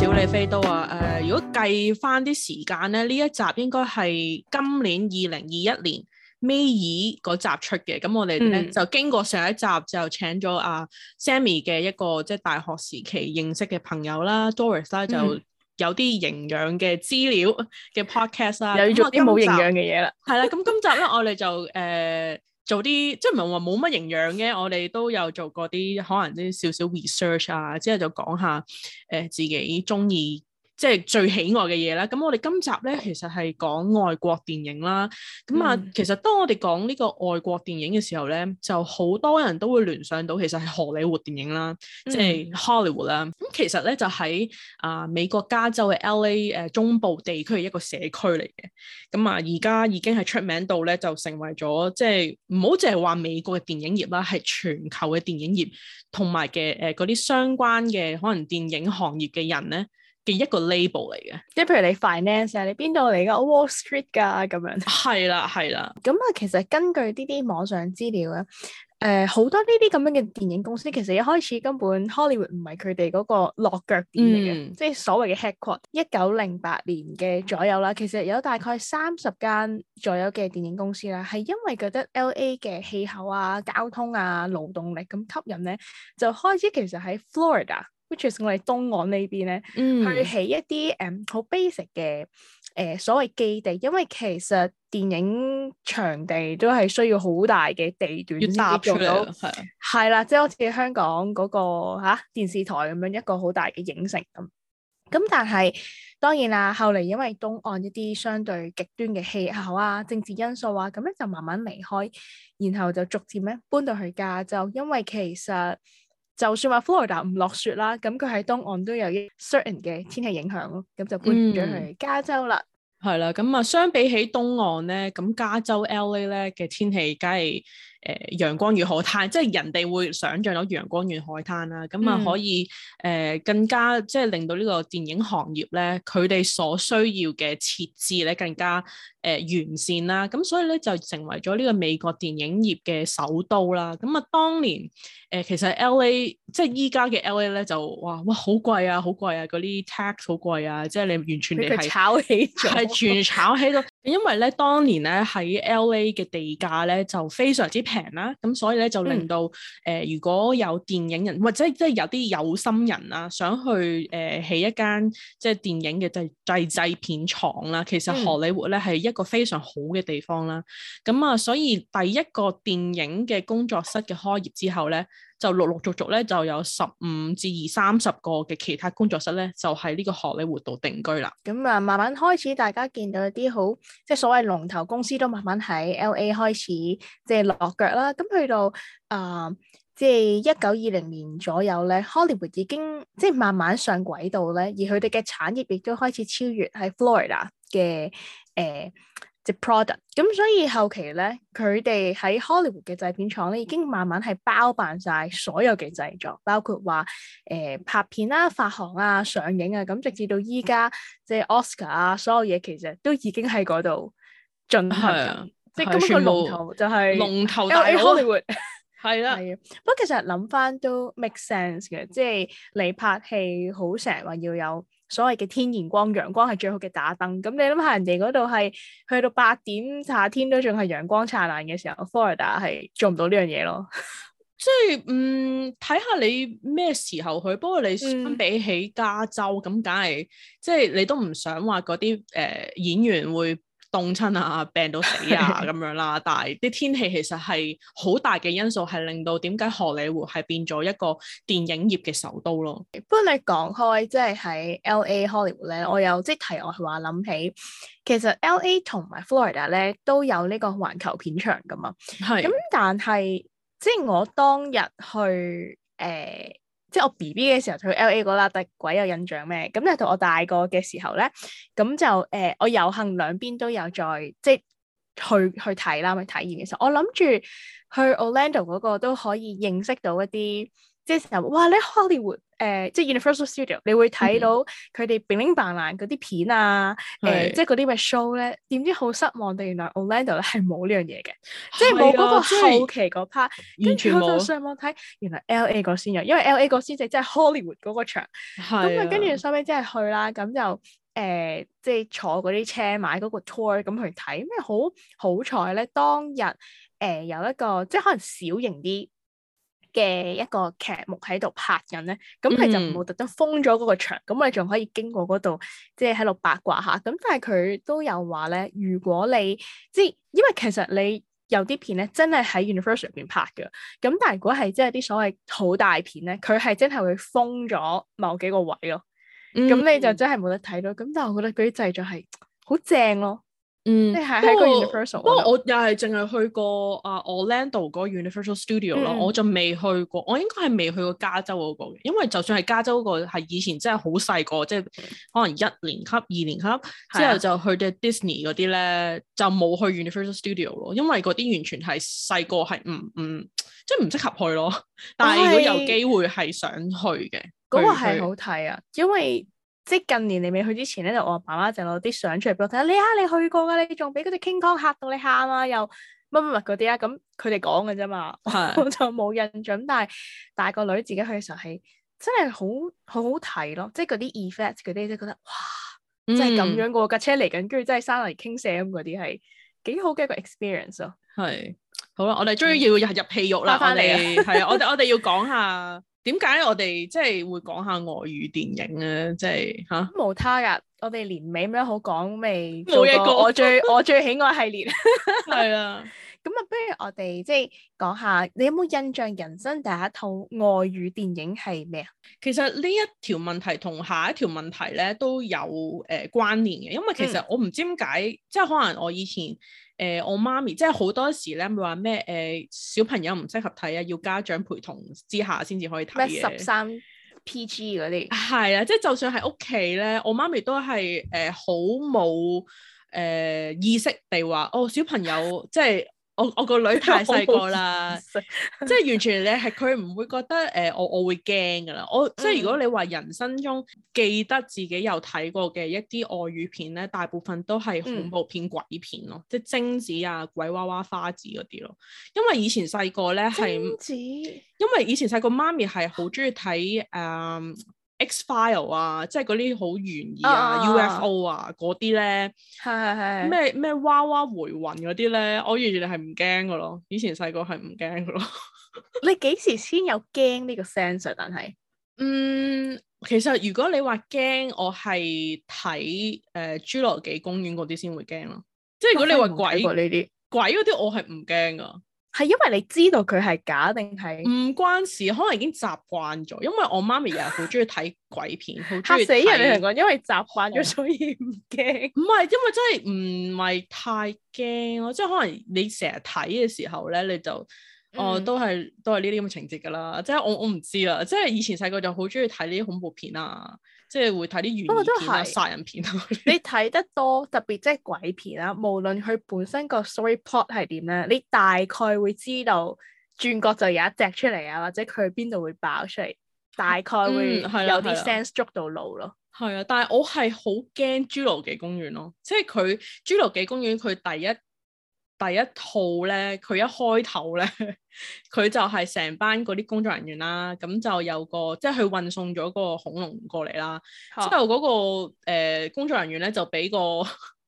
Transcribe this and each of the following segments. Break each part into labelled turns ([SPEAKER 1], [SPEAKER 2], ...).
[SPEAKER 1] 小李飛刀啊！誒、呃，如果計翻啲時間咧，呢一集應該係今年二零二一年 m 尾二嗰集出嘅。咁我哋咧、嗯、就經過上一集就後，請咗阿 Sammy 嘅一個即係、就是、大學時期認識嘅朋友啦、啊、Doris 啦、啊嗯、就有啲營養嘅資料嘅 Podcast 啦。又要做啲冇營養嘅嘢啦。係啦，咁今集咧 我哋就誒。呃做啲即係唔係話冇乜營養嘅，我哋都有做過啲可能啲少少 research 啊，之後就講下誒、呃、自己中意。即係最喜愛嘅嘢啦，咁我哋今集咧其實係講外國電影啦，咁啊，嗯、其實當我哋講呢個外國電影嘅時候咧，就好多人都會聯想到其實係荷里活電影啦，嗯、即係 Hollywood 啦。咁其實咧就喺啊、呃、美國加州嘅 LA 誒、呃、中部地區一個社區嚟嘅，咁啊而家已經係出名到咧就成為咗即係唔好淨係話美國嘅電影業啦，係全球嘅電影業同埋嘅誒嗰啲相關嘅可能電影行業嘅人咧。一個 label 嚟嘅，即係譬如你
[SPEAKER 2] finance 啊，你邊度嚟㗎？我 Wall Street 㗎咁樣。係啦，係啦。咁啊，其實根據呢啲網上資料啊，誒、呃、好多呢啲咁樣嘅電影公司，其實一開始根本 Hollywood 唔係佢哋嗰個落腳點嚟嘅，嗯、即係所謂嘅 headquarter。一九零八年嘅左右啦，其實有大概三十間左右嘅電影公司啦，係因為覺得 LA 嘅氣候啊、交通啊、勞動力咁吸引咧，就開始其實喺 Florida。which is 我哋東岸呢邊咧，嗯、去起一啲誒好 basic 嘅誒所謂基地，因為其實電影場地都係需要好大嘅地段搭做到係。係啦的，即係好似香港嗰、嗰個嚇、啊、電視台咁樣一個好大嘅影城咁。咁但係當然啦，後嚟因為東岸一啲相對極端嘅氣候啊、政治因素啊，咁咧就慢慢離開，然後就逐漸咧搬到去加州，因為其實。就算話佛羅里達唔落雪啦，咁佢喺東岸都有啲 certain 嘅天氣影響咯，咁就搬咗去加州啦。
[SPEAKER 1] 係啦、嗯，咁啊相比起東岸咧，咁加州 LA 咧嘅天氣，梗係。誒、呃、陽光與海灘，即係人哋會想像到陽光與海灘啦，咁啊可以誒、嗯呃、更加即係令到呢個電影行業咧，佢哋所需要嘅設置咧更加誒、呃、完善啦。咁所以咧就成為咗呢個美國電影業嘅首都啦。咁啊，當年誒、呃、其實 LA 即係依家嘅 LA 咧就哇哇好貴啊，好貴啊，嗰啲 tax 好貴啊，即係你完全係炒起咗，係全炒起咗。 因為咧當年咧喺 LA 嘅地價咧就非常之。平啦，咁所以咧就令到誒、呃，如果有電影人或者即係有啲有心人啦、啊，想去誒起、呃、一間即係電影嘅製製製片廠啦、啊，其實荷里活咧係一個非常好嘅地方啦。咁啊，所以第一個電影嘅工作室嘅開業之後咧。就陸陸續續咧，就有十五至二三十個嘅其他工作室咧，就喺呢個荷里活度定居啦。咁啊，慢
[SPEAKER 2] 慢開始大家見到一啲好，即係所謂龍頭公司都慢慢喺 L.A. 開始即係落腳啦。咁去到啊、呃，即係一九二零年左右咧，荷里活已經即係慢慢上軌道咧，而佢哋嘅產業亦都開始超越喺 Florida 嘅誒。呃 product 咁所以後期咧，佢哋喺 Hollywood 嘅製片廠咧，已經慢慢係包辦晒所有嘅製作，包括話誒、呃、拍片啦、啊、發行啊、上映啊，咁直至到依家即係 Oscar 啊，所有嘢其實都已經喺嗰度進行，啊、即係咁個龍頭就係龍頭 Hollywood 係啦，不過其實諗翻都 make sense 嘅，即係你拍戲好成日話要有。所謂嘅天然光，陽光係最好嘅打燈。咁你諗下，人哋嗰度係去到八點，夏天都仲係陽光燦爛嘅時候，Florida 係做唔到呢樣嘢咯。
[SPEAKER 1] 即係嗯，睇下你咩時候去。不過你相比起加州，咁梗係即係你都唔想話嗰啲誒演員會。凍親啊，病到死啊咁樣啦，但係啲天氣其實係好大嘅因素，係令到點解荷里活係變咗一個電影業嘅首都咯。
[SPEAKER 2] 不過你講開，即係喺 L A Hollywood 咧，我有即係提我係話諗起，其實 L A 同埋 Florida 咧都有呢個環球片場噶嘛。係咁是、嗯，但係即係我當日去誒。呃即係我 B B 嘅時候去 L A 嗰粒，特鬼有印象咩？咁就到我大個嘅時候咧，咁就誒、呃，我有幸兩邊都有再即係去去睇啦，去體驗嘅時候，我諗住去 Orlando 嗰個都可以認識到一啲。啲時候，哇！你喺 Hollywood，誒，即係 Universal Studio，你會睇到佢哋 bling bang 嗰啲片啊，誒，即係嗰啲咩 show 咧，點知好失望，原來 Orlando 咧係冇呢樣嘢嘅，即係冇嗰個後期嗰 part。跟住我就上網睇，原來 LA 嗰先有，因為 LA 嗰先就即係 Hollywood 嗰個場。咁啊，跟住收尾即係去啦，咁就誒，即係坐嗰啲車買嗰個 tour 咁去睇。咩好？好彩咧，當日誒有一個，即係可能小型啲。嘅一個劇目喺度拍緊咧，咁佢、mm hmm. 就冇特登封咗嗰個場，咁我哋仲可以經過嗰度，即係喺度八卦下。咁但係佢都有話咧，如果你即係因為其實你有啲片咧真係喺 Universal 入邊拍嘅，咁但係如果係即係啲所謂好大片咧，佢係真係會封咗某幾個位咯。咁、mm hmm. 你就真係冇得睇咯。咁但係我覺得嗰啲製作係好正咯。嗯，係喺是個 universal，不過是我
[SPEAKER 1] 又係淨係去過啊我、uh, land 度嗰個 universal studio 咯、嗯，我就未去過，我應該係未去過加州嗰個嘅，因為就算係加州、那個係以前真係好細個，即、就、係、是、可能一年級、二年級的之後就去 d 嘅迪士尼嗰啲咧，就冇去 universal studio 咯，因為嗰啲完全係細個係唔唔即係唔適合去咯，但係如果有機會係想去嘅，嗰是去個係好
[SPEAKER 2] 睇啊，因為。即係近年你未去之前咧，就我阿爸媽就攞啲相出嚟俾我睇。你啊，你去過噶，你仲俾嗰隻 King Kong 嚇到你喊啊，又乜乜乜嗰啲啊。咁佢哋講嘅啫嘛，我就冇印象。但係大個女自己去嘅時候係真係好好睇咯。即係嗰啲 effect，嗰啲即係覺得哇，就係咁樣噶架、嗯、車嚟緊，跟住真係沙泥傾瀉咁嗰啲係幾好嘅一個 experience 咯。
[SPEAKER 1] 係好啦，我哋終於要入入戲肉啦，翻嚟係啊！我哋我哋要講下。點解我哋即係會講下外語電影咧？即係吓，冇、啊、他噶，我哋年尾咩好
[SPEAKER 2] 講未，做一個我最 我最喜愛系列
[SPEAKER 1] 係啦。 咁啊，不如
[SPEAKER 2] 我哋即係講下，你有冇印象人生第一套外語電影係咩啊？
[SPEAKER 1] 其實呢一條問題同下一條問題咧都有誒、呃、關聯嘅，因為其實我唔知點解，嗯、即係可能我以前誒、呃、我媽咪，即係好多時咧會話咩誒小朋友唔適合睇啊，要家長陪同之下先至可以睇咩十三 PG 嗰啲？係啊，即係就算喺屋企咧，我媽咪都係誒好冇誒意識地話，哦小朋友 即係。我我個女太細個啦， 即係完全咧係佢唔會覺得誒、呃，我我會驚噶啦。我即係如果你話人生中、嗯、記得自己有睇過嘅一啲外語片咧，大部分都係恐怖片、鬼片咯，嗯、即係貞子啊、鬼娃娃、花子嗰啲咯。因為以前細個咧係，子因為以前細個媽咪係好中意睇誒。嗯 X file 啊，即係嗰啲好懸疑啊，啊，UFO 啊嗰啲咧，咩咩娃娃回魂嗰啲咧，我原嚟係唔驚嘅咯，以前細個係唔驚嘅咯。
[SPEAKER 2] 你幾時先有驚呢個 sense？啊，但係，
[SPEAKER 1] 嗯，其實如果你話驚，我係睇誒侏羅紀公園嗰啲先會驚咯。即係如果你話鬼，呢啲，鬼嗰啲我係唔驚㗎。係因為你知道佢係假，定係唔關事，可能已經習慣咗。因為我媽咪又係好中意睇鬼片，好中意睇。吓死人！你講，因為習慣咗，哦、所以唔驚。唔係，因為真係唔係太驚咯，即係可能你成日睇嘅時候咧，你就。我、嗯哦、都係都係呢啲咁嘅情節噶啦，即係我我唔知啦，即係以前細個就好中意睇呢啲恐怖片啊，即係會睇啲懸疑片啊、殺人片、啊、 你睇
[SPEAKER 2] 得多，特別即係鬼片啦、啊，無論佢本身個 story plot 係點咧，你大概會知道轉角就有一隻出嚟啊，或者佢邊度會爆出嚟，嗯、大
[SPEAKER 1] 概會有啲 sense、
[SPEAKER 2] 嗯、捉到路咯。
[SPEAKER 1] 係啊，但係我係好驚侏羅紀公園咯，即係佢侏羅紀公園佢第一。第一套咧，佢一開頭咧，佢就係成班嗰啲工作人員啦，咁就有個即係佢運送咗個恐龍過嚟啦，啊、之後嗰、嗰個、呃、工作人員咧就俾個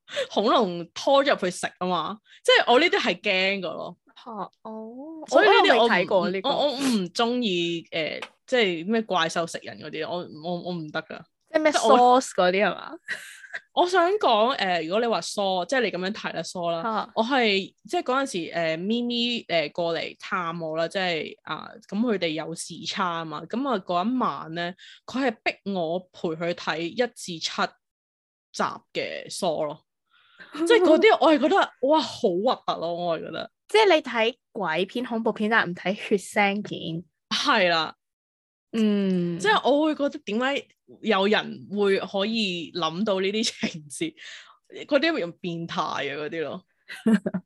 [SPEAKER 1] 恐龍拖咗入去食啊嘛，即係我呢啲係驚㗎咯嚇哦，啊 oh，所以我未睇過呢不、呢個，我唔中意誒，即係咩怪獸食人嗰啲，我我我唔得㗎，即係咩 Saw 嗰啲係嘛？我想講誒、呃，如果你話梳，即係你咁樣睇啦梳啦，啊、我係即係嗰陣時誒、呃、咪咪誒過嚟探我啦，即係啊咁佢哋有時差啊嘛，咁啊嗰一晚咧，佢係逼我陪佢睇一至七集嘅梳咯， 即係嗰啲我係覺得哇好核突咯，我係覺得，啊、覺得即係你睇
[SPEAKER 2] 鬼片恐怖片但唔睇血腥片
[SPEAKER 1] 係、嗯、啦。嗯，即係我會覺得點解有人會可以諗到呢啲情節，嗰啲會用變態啊嗰啲咯。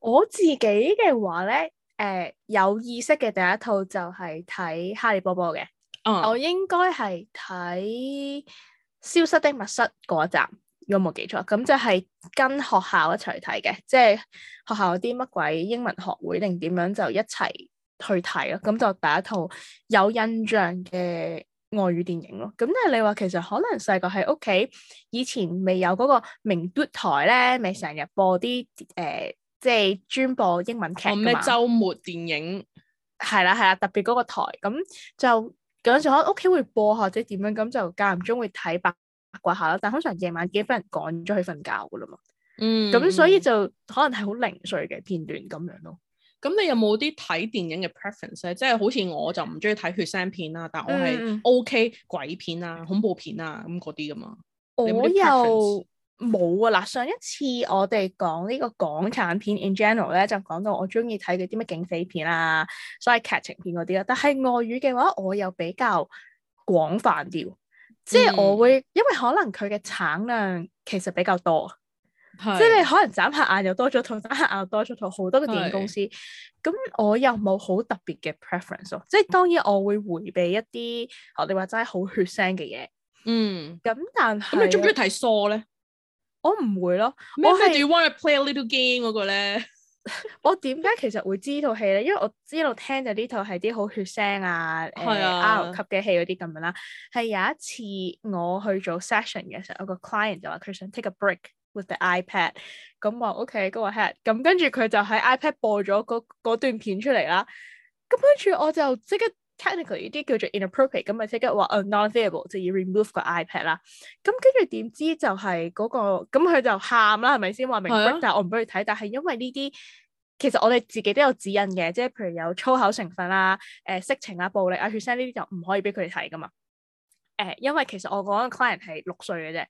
[SPEAKER 2] 我自己嘅話咧，誒、呃，有意識嘅第一套就係睇《哈利波特》嘅、嗯，我應該係睇《消失的密室》嗰一集，如果冇記錯，咁就係跟學校一齊睇嘅，即、就、係、是、學校有啲乜鬼英文學會定點樣就一齊。去睇咯，咁就第一套有印象嘅外語電影咯。咁但係你話，其實可能細個喺屋企以前未有嗰個明珠台咧，咪成日播啲誒、呃，即係專播英文劇。咩周末電影？係啦係啦，特別嗰個台，咁就有陣時可能屋企會播或者點樣，咁就間唔中會睇八卦下啦。但係通常夜晚幾俾人趕
[SPEAKER 1] 咗去瞓覺噶啦嘛。嗯。咁所以就可能係好零碎嘅片段咁樣咯。咁你有冇啲睇電影嘅 preference 咧？即係好似我就唔中意睇血腥片啦、啊，但我係 OK、嗯、鬼片啊、恐怖片啊咁嗰啲噶嘛。有有我又
[SPEAKER 2] 冇啊！嗱，上一次我哋講呢個港產片 in general 咧，就講到我中意睇嗰啲咩警匪片啊、所謂劇情片嗰啲啦。但係外語嘅話，我又比較廣泛啲，
[SPEAKER 1] 即係我
[SPEAKER 2] 會、嗯、因為可能佢嘅產量其實比較多。是即係你可能眨下眼又多咗套，眨下眼又多咗套，好多，多個電影公司。咁是我又冇好特別嘅 preference 咯，即係當然我會回避一啲我哋話齋好血腥嘅嘢。
[SPEAKER 1] 嗯，
[SPEAKER 2] 咁但係咁、嗯、你中唔中意睇 Saw 咧？我唔會咯。咩？你仲要 want
[SPEAKER 1] to play a little game 嗰個咧？ 我點解其
[SPEAKER 2] 實會知套戲咧？因為我知道聽就呢套係啲好血腥啊、啊、呃、R 級嘅戲嗰啲咁樣啦。係有一次我去做 session 嘅時候，有個 client 就話佢想 take a break。With the iPad，咁、嗯、話 OK，咁 go ahead，咁跟住佢就喺 iPad 播咗嗰段片出嚟啦。咁跟住我就即刻 technically 呢啲叫做 inappropriate，咁咪即刻話啊 non-verbal 就要 remove 個 iPad 啦。咁跟住點知就係嗰個，咁、嗯、佢就喊啦，係咪先話明、啊、但係我唔俾佢睇，但係因為呢啲，其實我哋自己都有指引嘅，即係譬如有粗口成分啊、誒、呃、色情啊、暴力啊、血腥呢啲就唔可以俾佢哋睇噶嘛。誒、呃，因為其實我講嘅 client 係六歲嘅啫。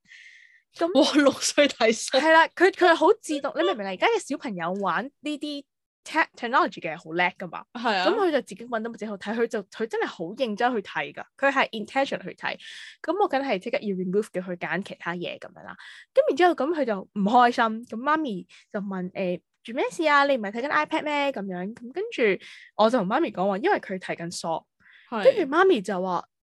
[SPEAKER 2] 咁我那六歲睇，細係啦，佢佢好自動， 你明唔明啊？而家嘅小朋友玩呢啲 technology 嘅好叻噶嘛，係啊的。咁佢就自己搵到部最好睇，佢就佢真係好認真去睇噶，佢係 intentional 去睇。咁我梗係即刻要 remove 嘅，去揀其他嘢咁樣啦。咁然之後咁，佢就唔開心。咁媽咪就問：誒、呃，做咩事啊？你唔係睇緊 iPad 咩？咁樣咁跟住，我就同媽咪講話，因為佢睇緊索。跟住的媽咪就話。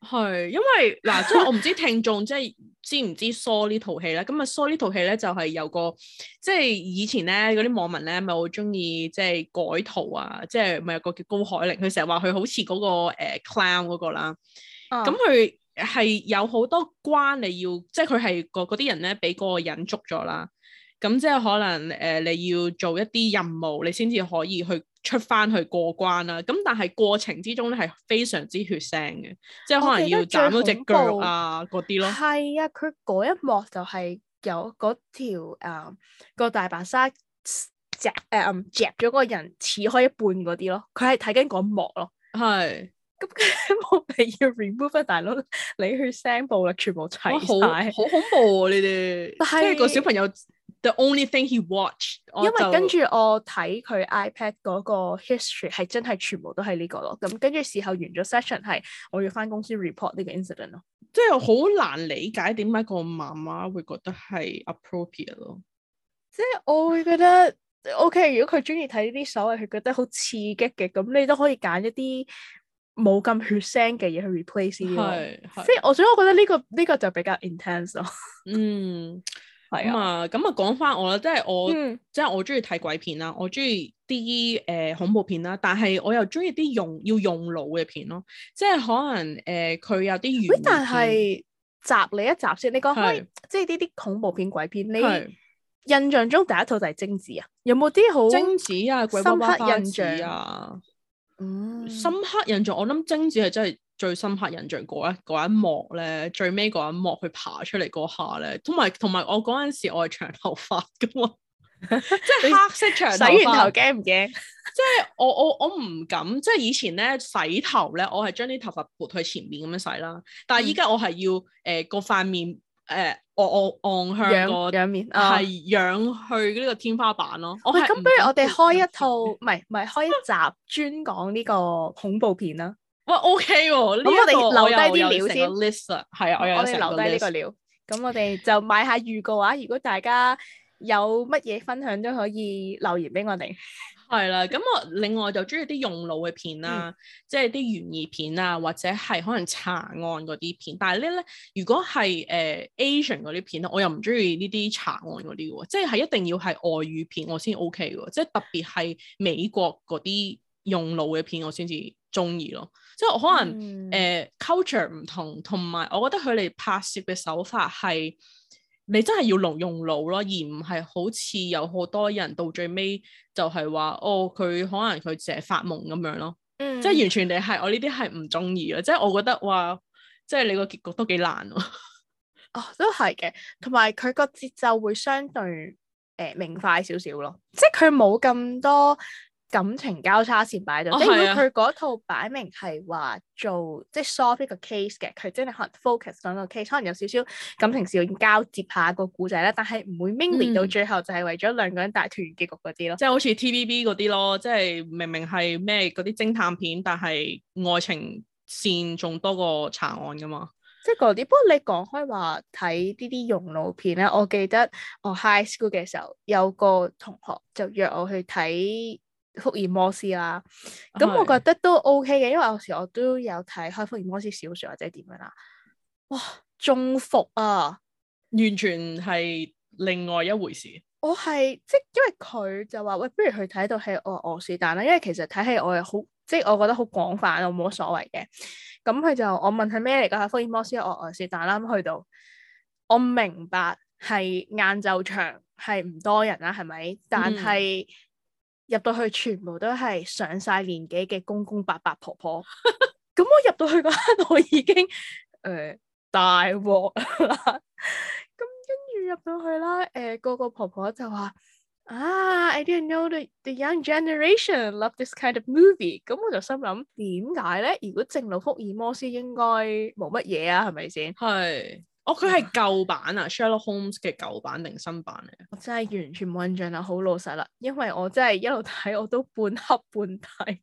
[SPEAKER 1] 係，因為嗱、 啊，即係我唔知聽眾即係知唔知 Saw 呢套戲咧，咁啊 Saw 呢套戲咧就係、是、有個即係以前咧嗰啲網民咧咪好中意即係改圖啊，即係咪有個叫高海寧，佢成日話佢好似嗰、那個誒、呃、clown 嗰個啦，咁佢係有好多關你要，即係佢係個嗰啲人咧，俾嗰個人捉咗啦。咁、嗯、即係可能誒、呃，你要做一啲任務，你先至可以去出返去過關啦。咁、嗯、但係過程之中咧係非常之血腥嘅，即係可能要斬嗰隻腳啊嗰啲咯。
[SPEAKER 2] 係啊，佢嗰一幕就係有嗰條誒個、呃、大白鯊 jump 咗個人似開一半嗰啲咯。佢係睇緊
[SPEAKER 1] 嗰一幕咯。係是。咁佢冇必要 remove 啊大佬，你血腥暴力全部齊曬，好恐怖啊呢啲。但是 即係個小朋友。The only thing he watched，因為跟住
[SPEAKER 2] 我睇佢 iPad 嗰個 history 係真係全部
[SPEAKER 1] 都係呢個咯。咁跟住事後完咗 session 係我要返公司 report 呢個 incident 咯。即係好難理解點解個媽媽會覺得係 appropriate 咯。即
[SPEAKER 2] 係我會覺得 OK，如果佢中意睇呢啲所謂佢覺得好刺激嘅，咁你都可以揀一啲冇咁血腥嘅嘢去 replace 啲咯。即係我所以，我覺得呢個呢個就比較 intense 咯。嗯。
[SPEAKER 1] 係啊，咁啊、嗯，講翻、嗯、我啦，即、就、係、是、我，嗯、即係我中意睇鬼片啦，我中意啲誒恐怖片啦，但係我又中意啲用要用腦嘅片咯，即係可能誒佢、呃、有啲懸疑片，集你一集先。你講開即係呢啲恐怖片、鬼片，你是印象中
[SPEAKER 2] 第一套就係《貞子》啊？有冇啲好深刻印象啊？巴巴啊嗯，
[SPEAKER 1] 深刻印象，我諗《貞子》係真係。最深刻印象嗰一一幕咧，最尾嗰一幕佢爬出嚟嗰下咧，同埋同埋我嗰陣時我係長頭髮噶嘛，即係 黑色長頭髮 洗完頭驚唔驚？即係我我我唔敢，即、就、係、是、以前咧洗頭咧，我係將啲頭髮撥去前面咁樣洗啦。但係依家我係要誒、嗯呃、個塊面誒、呃，我我昂向個仰，仰面係、哦、仰去呢個天花板咯。我
[SPEAKER 2] 咁不，不如我哋開一套，唔係唔係開一集專講呢個恐怖片啦。
[SPEAKER 1] 喂 OK 喎，咁，OK、我哋留低啲料先，l i s 係啊，我哋先留低呢
[SPEAKER 2] 個料。咁我哋就買下預告話，如果大家有乜嘢分享都可以留言俾我哋。
[SPEAKER 1] 係啦， 咁我另外就中意啲用腦嘅片啦，啊，嗯，即係啲懸疑片啊，或者係可能查案嗰啲片。但係咧咧，如果係誒 Asian 嗰啲片咧，我又唔中意呢啲查案嗰啲嘅，即係一定要係外語片我先 OK 嘅，即係特別係美國嗰啲用腦嘅片我先至。中意咯，即係我可能誒 culture 唔同，同埋我覺得佢哋拍攝嘅手法係，你真係要用用腦咯，而唔係好似有好多人到最尾就係話，哦佢可能佢淨係發夢咁樣咯，嗯，即係完全你係我呢啲係唔中意咯，即係我覺得話，即係你個結局都幾難咯。
[SPEAKER 2] 哦，都係嘅，同埋佢個節奏會相對誒、呃、明快少少咯，即係佢冇咁多。感情交叉線擺到，因為佢嗰套擺明係話做、哦、即係 solve 個 case 嘅，佢即係可能 focus 緊個 case，可能有少少感情事件交接下個故仔咧，但係唔會 mingle 到最後就係為咗
[SPEAKER 1] 兩個人大團結局嗰啲咯，嗯就是，咯，即係好似 TVB 嗰啲咯，即係明明係咩嗰啲偵探片，但係愛情線仲多過查案噶嘛。
[SPEAKER 2] 即係嗰啲，不過你講開話睇呢啲用腦片咧，我記得我 high school 嘅時候有個同學就約我去睇。福爾摩斯啦，咁我覺得都 O K 嘅，是因為有時我都有睇開福爾摩斯小說或者點樣啦。
[SPEAKER 1] 哇，中伏啊，完全係另外一回事。
[SPEAKER 2] 我係即係因為佢就話喂，不如去睇到係《我我是但》啦，因為其實睇戲我係好，即係我覺得好廣泛，我冇乜所謂嘅。咁佢就我問佢咩嚟噶？《福爾摩斯》《俄我是但》啦，咁去到我明白係晏晝場係唔多人啦，係咪？但係。嗯入到去全部都係上晒年紀嘅公公伯伯婆婆，咁 我入到去嗰刻我已經誒、呃、大鑊啦，咁跟住入到去啦，誒、呃、個，個婆婆就話啊、ah,，I didn't know the the young generation love this kind of movie，咁我就心諗，點解咧？如果正路福爾摩斯應該冇乜嘢啊，係咪先？係。
[SPEAKER 1] 哦，佢係舊版啊，《Yeah. Sherlock Holmes》嘅舊版定新版咧？
[SPEAKER 2] 我真係完全冇印象啊。好老實啦，因為我真係一路睇我都半黑半睇，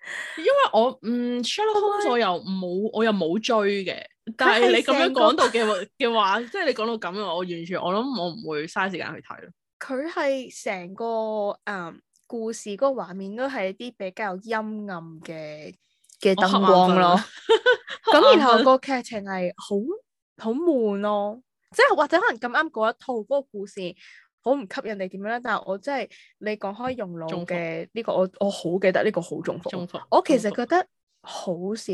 [SPEAKER 1] 因為我嗯，《Sherlock Holmes 我》我又冇我又冇追嘅，但係你咁樣講到嘅嘅話，即係、 就是、你講到咁嘅話，我完全我諗我唔會嘥時間去睇咯。佢
[SPEAKER 2] 係成個誒、呃、故事嗰個畫面都係一啲比較陰暗嘅嘅燈光咯，咁 然後個劇情係好。好悶咯、哦，即係或者可能咁啱嗰一套嗰、那個故事好唔吸引你點樣咧？但係我真、就、係、是、你講開用腦嘅呢服個我，我我好記得呢個好中伏。中伏服，我其實覺得好少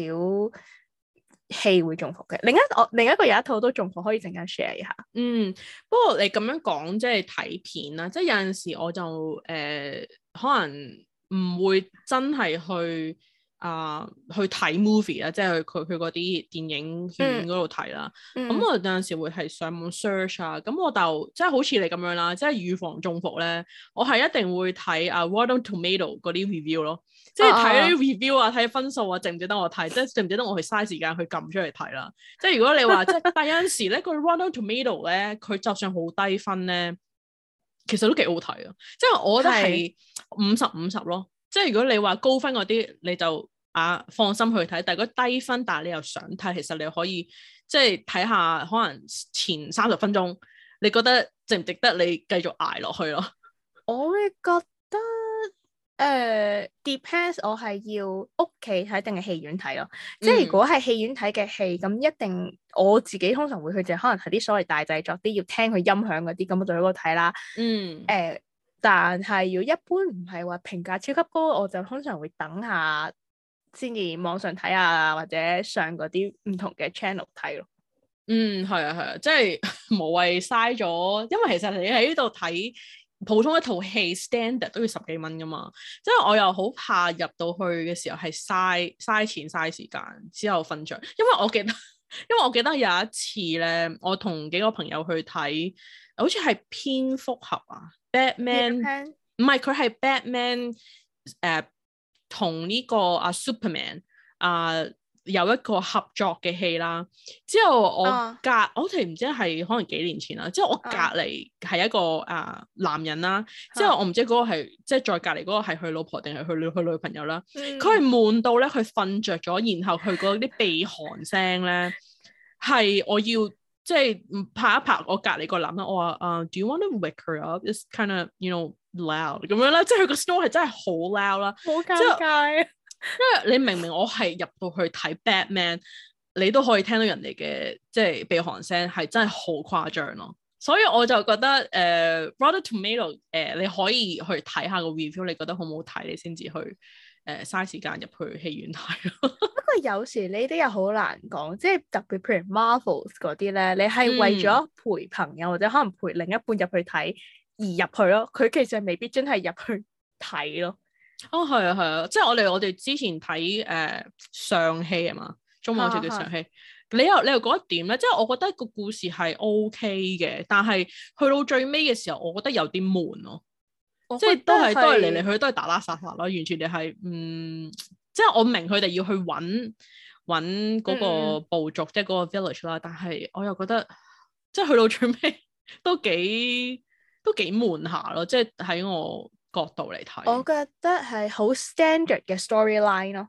[SPEAKER 2] 戲會中伏嘅。服另一我另一個有一套都中伏，可以陣間 share 一下。
[SPEAKER 1] 嗯，不過你咁樣講即係睇片啦，即、就、係、是、有陣時我就誒、呃、可能唔會真係去。Uh, vie, 嗯、啊，去睇 movie 咧，即係去佢佢嗰啲電影院嗰度睇啦。咁我有陣時會係上網 search 啊。咁我就即係好似你咁樣啦，即係預防中伏咧，我係一定會睇啊，Rotten Tomato 嗰啲 review 咯，
[SPEAKER 2] 即係睇啲
[SPEAKER 1] review 啊，睇分數啊，值唔值得我睇，即係值唔值得我去嘥時間去撳出嚟睇啦。即係 如果你話即係，但係有陣時咧，佢 Rotten Tomato 咧，佢就算好低分咧，其實都幾好睇啊。即係我覺得係五十五十咯。即係如果你話高分嗰啲，你就啊放心去睇；但係如果低分，但係你又想睇，其實你可以即係睇下可能前三十分鐘，你覺得值唔值得你繼續捱落去咯。我
[SPEAKER 2] 會覺得誒、呃，depends。我係要屋企睇定係戲院睇咯。嗯、即係如果係戲院睇嘅戲，咁一定我自己通常會去就可能係啲所謂大製作啲，要聽佢音響嗰啲，咁我就去嗰度睇啦。嗯。誒、呃。但係要一般唔係話評價超級高，我就通常會等下
[SPEAKER 1] 先至網上睇下，或者上嗰啲唔同嘅 channel 睇咯。嗯，係啊，係啊，即係無謂嘥咗，因為其實你喺呢度睇普通一套戲，standard 都要十幾蚊㗎嘛。即係我又好怕入到去嘅時候係嘥嘥錢嘥時間之後瞓着。因為我記得，因為我記得有一次咧，我同幾個朋友去睇，好似係蝙蝠俠啊。Batman 唔係，佢係 Batman 誒同呢個啊、uh, Superman 啊、uh, 有一個合作嘅戲啦。之後我隔、uh huh. 我好似唔知係可能幾年前啦。之後我隔離係一個啊、uh, 男人啦。Uh huh. 之後我唔知嗰個係即係再隔離嗰個係佢老婆定係佢佢女朋友啦。佢係、uh huh. 悶到咧，佢瞓着咗，然後佢嗰啲鼻鼾聲咧係 我要。即係拍一拍我隔籬個男啦，我話啊，uh，do you want to wake her up? It's kind of you know loud 咁樣啦，即係佢個聲係真係好 loud 啦，好尷尬。即係因為你明明我係入到去睇 Batman，你都可以聽到人哋嘅即係鼻鼾聲係真係好誇張咯。所以我就覺得誒、呃，Rotten Tomato，誒、呃，你可以去睇下個 review，你覺得好唔好睇，你先至去。誒嘥、呃、時間入去戲院睇咯，
[SPEAKER 2] 不過 有時呢啲又好難講，即係特別譬如 Marvels 嗰啲咧，你係為咗陪朋友、嗯、或者可能陪另一半入去睇而入去咯，佢其實未必真係入去
[SPEAKER 1] 睇咯。哦，係啊，係啊，啊，即係我哋我哋之前睇誒、呃、上戲啊嘛，中文好似叫上戲，啊啊、你又你又覺得點咧，即係我覺得個故事係 OK 嘅，但係去到最尾嘅時候，我覺得有啲悶咯。即係都係都係嚟嚟去都係打打殺殺咯，完全就係，嗯，即係我明佢哋要去搵搵嗰個部族，嗯嗯即係嗰個 village 啦，但係我又覺得，即係去到最尾都幾都幾悶下咯，即係喺我角度嚟睇。
[SPEAKER 2] 我覺得係好 standard 嘅 storyline 咯。
[SPEAKER 1] 哦。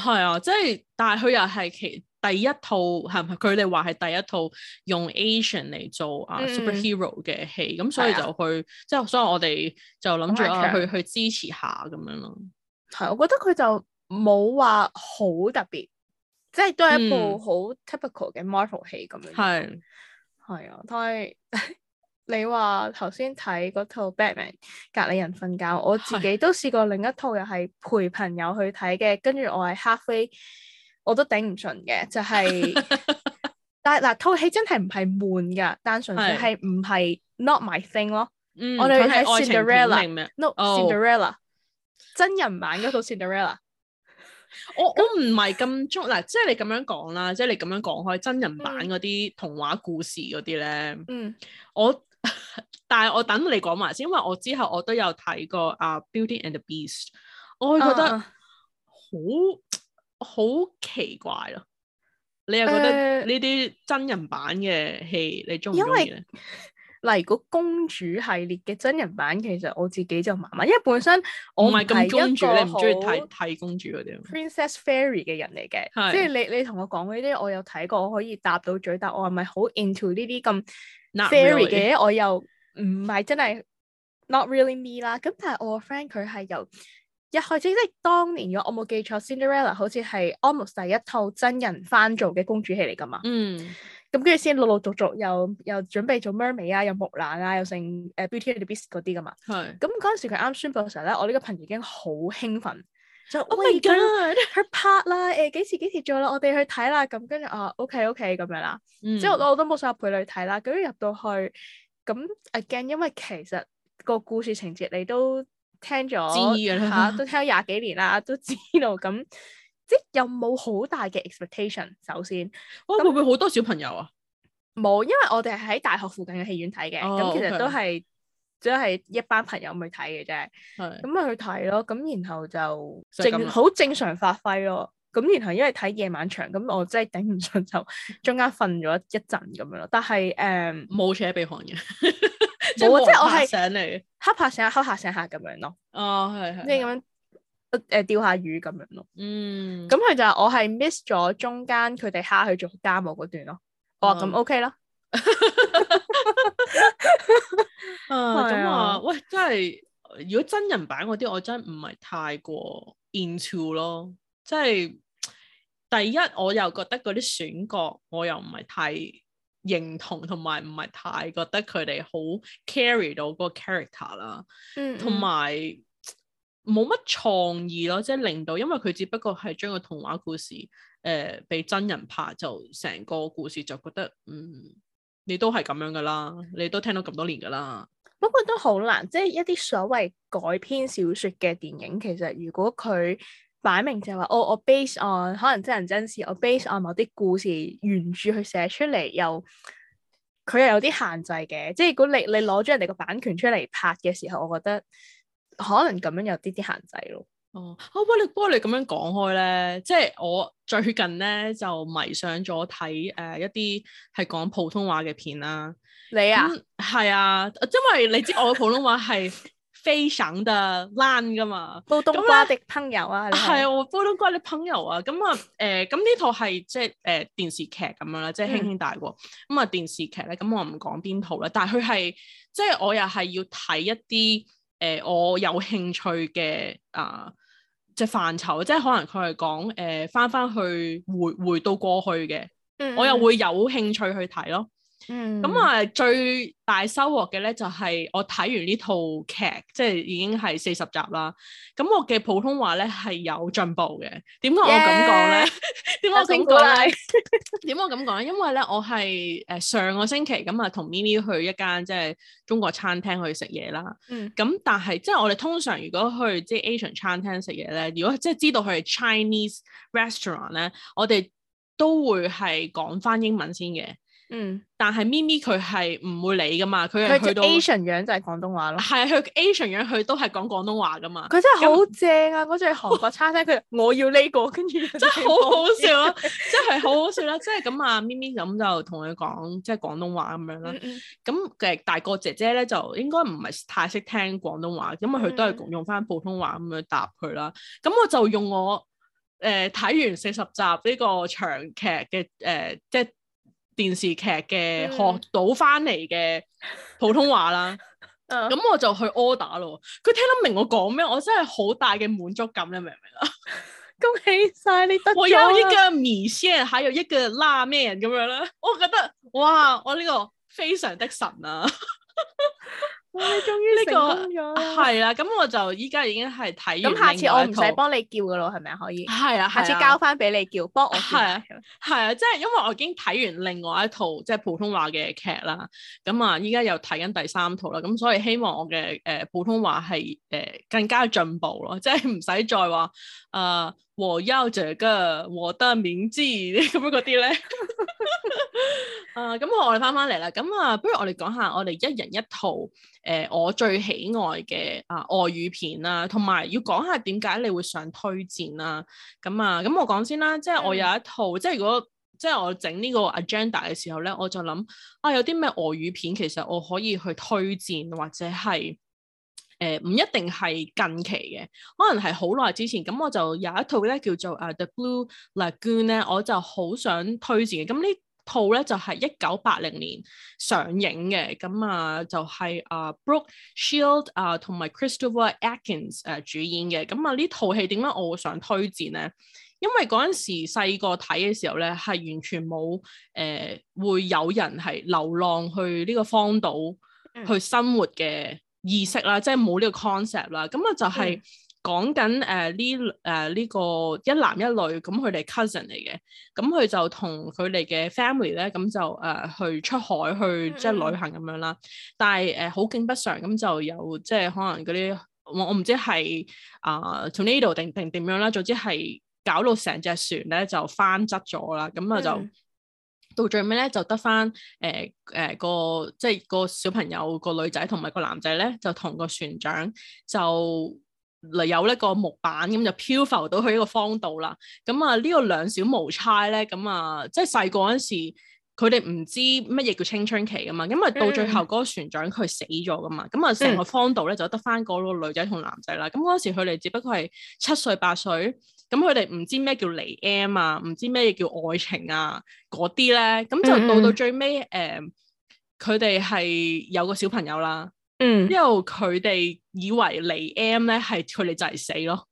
[SPEAKER 1] 係啊，即係，但係佢又係其。第一套係唔係佢哋話係第一套用 Asian 嚟做啊、嗯、superhero 嘅戲，咁、嗯、所以就去即係，所以、嗯、我哋就諗住去去，的去，去支持下咁樣咯。
[SPEAKER 2] 係，我覺得佢就冇話好特別，即、就、係、是、都係一部好 typical 嘅 Marvel 戲咁、嗯、樣。係係啊，但係 你話頭先睇嗰套 Batman 隔籬人瞓覺，我自己都試過另一套又係陪朋友去睇嘅，跟住我係黑飛。我都頂唔順嘅，就係、是， 但係嗱，套戲真係唔係悶噶，單純係唔係 not my thing 咯。嗯、我哋睇係愛情片定咩？No，Cinderella，
[SPEAKER 1] 真人版嗰套 Cinderella， 我我唔係咁中，嗱、呃，即係你咁樣講啦，即係你咁樣講開，真人版嗰啲童話故事嗰啲咧，嗯，我，但係我等你講埋先，因為我之後我都有睇過啊《uh, Beauty and the Beast》，我會覺得好。Uh, uh. 好奇怪咯、啊，你又覺得呢啲真人版嘅戲、呃、你中唔中意咧？因
[SPEAKER 2] 為如果公主系列嘅真人版，其實我自己就麻麻，因為本身我唔係一個中意
[SPEAKER 1] 睇公主嗰啲
[SPEAKER 2] princess fairy 嘅人嚟嘅，是即係你你同我講呢啲，我有睇過，我可以答到嘴，答。我係咪好 into 呢啲咁 fairy 嘅？Not really. 我又唔係真係 not really me 啦。咁但係我 friend 佢係由……一開始即係當年，如果我冇記錯，《Cinderella》好似係 Almost 第一套真人翻做嘅公主戲嚟噶嘛。嗯。咁跟住先陸陸續續又又準備做 Mermaid 啊，又木蘭啊，又成誒 Beauty and the Beast 嗰啲噶嘛。係是。咁嗰陣時佢啱宣佈嘅時候咧，我呢個朋友已經好興奮，就說 Oh my God，佢拍啦誒幾時幾時做啦、啊，我哋去睇啦。咁跟住啊 OK OK 咁樣啦。之、嗯、後我都冇曬陪佢睇啦。咁入到去咁 Again，因為其實個故事情節你都。聽咗，嚇、啊、都聽咗廿幾年啦，都知道咁，即係有冇好大嘅 expectation？首先，哇、哦，那會唔會好多小朋友啊？冇，因為我哋係喺大學附近嘅戲院睇嘅，咁、哦、其實都係，哦 okay. 只係一班朋友的去睇嘅啫。係咁咪去睇咯，咁然後就正好正常發揮咯。咁然後因為睇夜晚場，咁我真係頂唔順，就中間瞓咗一陣咁樣咯。但係誒，冇扯鼻鼾嘅。 即係我係醒嚟，翕下醒翕下相下咁樣咯。哦，係係。咩咁樣？誒，釣下魚咁樣咯。嗯。咁佢就我係 miss 咗中間佢哋蝦去做家務嗰段咯。哇，咁 OK 咯。
[SPEAKER 1] 咁啊，喂，真係如果真人版嗰啲，我真係唔係太過 into 咯。即係第一，我又覺得嗰啲選角，我又唔係太。認同同埋唔係太覺得佢哋好 carry 到個 character 啦，嗯，同埋冇乜創意咯，即係令到因為佢只不過係將個童話故事誒俾、呃、真人拍，就成個故事就覺得，嗯，你都係咁樣噶啦，你都聽到咁多年噶啦。不過、嗯、都
[SPEAKER 2] 好難，即、就、係、是、一啲所謂改編小說嘅電影，其實如果佢。擺明就係話、哦，我我 base on 可能真人真事，我 base on 某啲故事原著去寫出嚟，又佢又有啲限制嘅。即係如果你你攞咗人哋個版權出嚟拍嘅時候，我覺得可能咁樣有啲啲限制咯。
[SPEAKER 1] 哦，啊，不過你不過你咁樣講開咧，即係我最近咧就迷上咗睇誒一啲係講普通話嘅片啦。你啊？係、嗯、啊，因為你知我嘅普通話係。 非常得爛㗎嘛，煲冬瓜迪朋友啊，係、嗯、啊，煲冬瓜迪朋友啊，咁啊誒咁呢套係即係誒電視劇，咁樣啦，即、嗯、係《卿卿大過》咁啊電視劇咧，咁我唔講邊套咧，但係佢係即係我又係要睇一啲誒我有興趣嘅啊即係範疇，即係可能佢係講誒翻翻去回回到過去嘅，我又會有興趣去睇咯。咁、嗯、啊，最大收穫嘅咧就係、是、我睇完呢套劇，即、就、係、是、已經係四十集啦。咁我嘅普通話咧係有進步嘅。點解我咁講咧？點解 Yeah, 我咁講，點解我咁講咧？因為咧，我係誒、呃、上個星期咁啊，同 Mini 去一間即係中國餐廳去食嘢啦。咁、嗯、但係即係我哋通常如果去即係、就是、Asian 餐廳食嘢咧，如果即係、就是、知道佢係 Chinese restaurant 咧，我哋都會係講翻英文先嘅。嗯，但係咪咪佢係唔會理噶嘛？佢係去到 Asian
[SPEAKER 2] 樣就係廣東話咯。係
[SPEAKER 1] 佢 Asian 樣，佢都係講廣東話噶嘛。佢真係好正啊！嗰隻韓國餐廳，佢、哦、我要呢、這個，跟住真係好好笑啊！真係好好笑啦、啊！ 即係咁啊，咪咪咁就同佢講即係廣東話咁樣啦。咁嘅、嗯嗯、大個姐姐咧，就應該唔係太識聽廣東話，咁啊佢都係用翻普通話咁樣答佢啦。咁、嗯、我就用我誒睇、呃、完四十集呢個長劇嘅誒即。電視劇嘅、嗯、學到翻嚟嘅普通話啦，咁、 嗯、我就去 order 咯。佢聽得明我講咩，我真係好大嘅滿足感，你明唔明啊？ 恭喜晒你，你得！我有一個米線，仲有一個拉咩人咁樣啦。我覺得哇！我呢個非常的神啊！ 哇你終於成功咗，係啦、這個，咁、啊、我就依家已經係睇完咁下次我唔使幫
[SPEAKER 2] 你叫噶啦，係咪可以？係啦、啊，啊、下次交翻俾你叫，幫我叫。係啊，
[SPEAKER 1] 係啊，即、就、係、是、因為我已經睇完另外一套即係普通話嘅劇啦，咁啊依家又睇緊第三套啦，咁所以希望我嘅誒、呃、普通話係誒、呃、更加進步咯，即係唔使再話誒和憂者嘅和得免知」咁嗰啲咧。 呢 啊，咁、 uh, 我我哋翻翻嚟啦，咁啊，不如我哋講下我哋一人一套誒、呃，我最喜愛嘅啊外語片啦、啊，同埋要講下點解你會想推薦啦，咁啊，咁我講先啦，即係我有一套，嗯、即係如果即係我整呢個 agenda 嘅時候咧，我就諗啊，有啲咩外語片其實我可以去推薦或者係誒唔一定係近期嘅，可能係好耐之前，咁我就有一套咧叫做誒、uh, The Blue Lagoon 咧，我就好想推薦嘅，咁呢。套咧就係一九八零年上映嘅，咁啊就係啊 Brooke Shields 啊同埋 Christopher Atkins 誒主演嘅，咁啊呢套戲點解我會想推薦咧？因為嗰陣時細個睇嘅時候咧，係完全冇誒會有人係流浪去呢個荒島去生活嘅意識啦，嗯、即係冇呢個 concept 啦，咁啊就係。嗯講緊誒呢誒呢個一男一女，咁佢哋 cousin 嚟嘅，咁佢就同佢哋嘅 family 咧，咁就誒、呃、去出海去即係旅行咁樣啦。但係誒好景不常，咁就有即係可能嗰啲我我唔知係啊從呢度定定點樣啦，總之係搞到成隻船咧就翻側咗啦，咁啊就、嗯、到最尾咧就得返誒誒個即係個小朋友個女仔同埋個男仔咧，就同個船長就。嚟有一個木板咁就漂浮到去一個荒島啦。咁啊呢個兩小無猜咧，咁啊即係細個嗰陣時，佢哋唔知乜嘢叫青春期噶嘛。咁啊到最後嗰個船長佢死咗噶嘛。咁啊成個荒島咧就得返嗰個女仔同男仔啦。咁嗰陣時佢哋只不過係七歲八歲，咁佢哋唔知咩叫離 M 啊，唔知咩叫愛情啊嗰啲咧。咁就到到最尾誒，佢哋係有個小朋友啦。嗯，因為佢哋以為嚟 M 咧係佢哋就嚟死咯，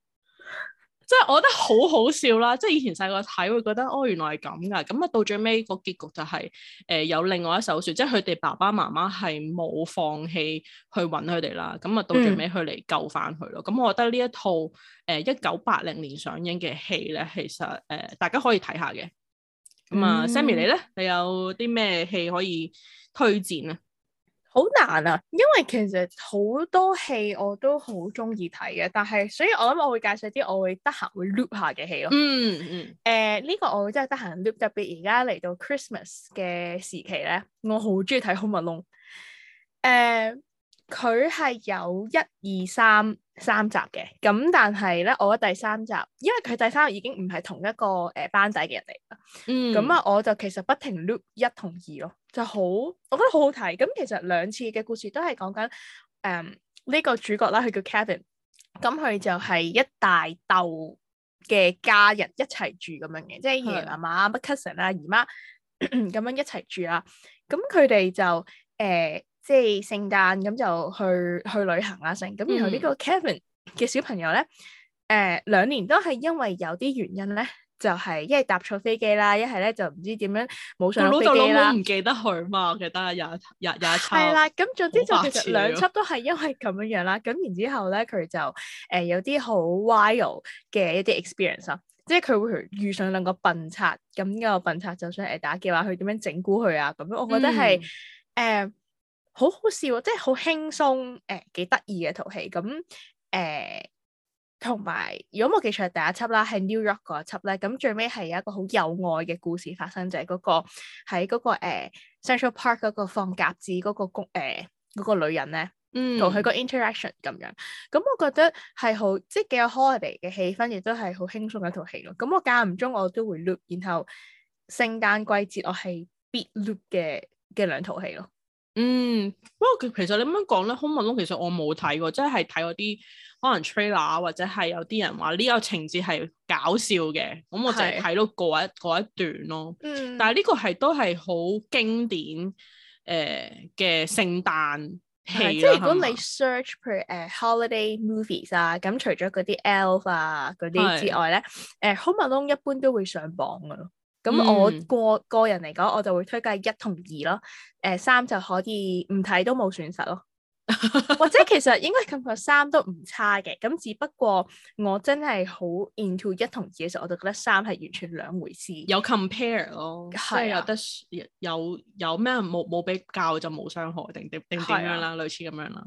[SPEAKER 1] 即 係我覺得好好笑啦，即、就、係、是、以前細個睇會覺得哦，原來係咁噶，咁啊到最尾個結局就係、是、誒、呃、有另外一首說，即係佢哋爸爸媽媽係冇放棄去搵佢哋啦，咁啊到最尾佢嚟救翻佢咯，咁、嗯、我覺得呢一套誒一九八零年上映嘅戲咧，其實誒、呃、大家可以睇下嘅，咁啊、嗯、Sammy 你咧，你有啲咩戲可以推薦啊？
[SPEAKER 2] 好難啊，因為其實好多戲我都好中意睇嘅，但係所以我諗我會介紹啲我會得閒會 loop 下嘅戲咯。嗯嗯誒，呢、uh, 個我會真係得閒 loop，特別而家嚟到 Christmas 嘅時期咧，我好中意睇《Home Alone》。誒、uh,。佢係有一二三三集嘅，咁但係咧，我第三集，因為佢第三集已經唔係同一個誒班仔嘅人嚟啦。嗯，咁啊，我就其實不停 loop 一同二咯，就好，我覺得好好睇。咁其實兩次嘅故事都係講緊誒呢個主角啦，佢叫 Kevin，咁佢就係一大竇嘅家人一齊住咁樣嘅，即係爺爺阿媽 Uncle 啦、姨媽咁樣一齊住啦。咁佢哋就誒。即係聖誕咁就去去旅行啦成咁，然後呢個 Kevin 嘅小朋友咧，誒、呃、兩年都係因為有啲原因咧，就係因為搭錯飛機啦，一係咧就唔知點樣冇上到飛機，老豆老母老母唔
[SPEAKER 1] 記得佢嘛，我記得有廿廿一輯。係啦，咁、嗯、總之就其實兩輯
[SPEAKER 2] 都係因為咁樣樣啦。咁然之後咧，佢就誒、呃、有啲好 wild 嘅一啲 experience 啊，即係佢會遇上兩個笨賊咁嘅笨賊，就想誒打電話去點樣整蠱佢啊咁樣、嗯。我覺得係誒。嗯嗯好好笑，哦，即係好輕鬆，誒、呃，幾得意嘅一套戲。咁誒，同、呃、埋如果冇記錯，第一輯啦，係 New York 嗰一輯咧。咁最尾係有一個好有愛嘅故事發生，就係、是、嗰、那個喺嗰、那個誒、呃、Central Park 嗰個放鴿子嗰、那個公誒、呃那個女人咧，同佢個 interaction 咁樣。咁、嗯、我覺得係好，即係幾有 holiday 嘅氣氛，亦都係好輕鬆嘅一套戲咯。咁我間唔中我都會 loop，然後聖誕季節我係必 loop 嘅嘅兩套戲咯。
[SPEAKER 1] 嗯，不過其實你咁樣講咧，《Home Alone》其實我冇睇過，即係睇嗰啲可能 trailer 或者係有啲人話呢個情節係搞笑嘅，咁是我就係睇到嗰一嗰一段咯。嗯，但係呢個係都係好經典誒嘅聖誕戲，即係如果你
[SPEAKER 2] search 譬如誒吧、呃、holiday movies 啊，咁除咗嗰啲 elf 啊嗰啲之外咧，誒的《Home Alone》一般都會上榜噶。咁、嗯、我個個人嚟講，我就會推介一同二咯，誒、呃、三就可以唔睇都冇損失咯， 或者其實應該感覺三都唔差嘅，咁只不過我真係好 into 一同二嘅時候，我就覺得
[SPEAKER 1] 三係完全兩回事，有 compare 咯，係、啊、有得有有咩冇冇比較就冇傷害定定定點樣啦、啊、類似咁樣啦。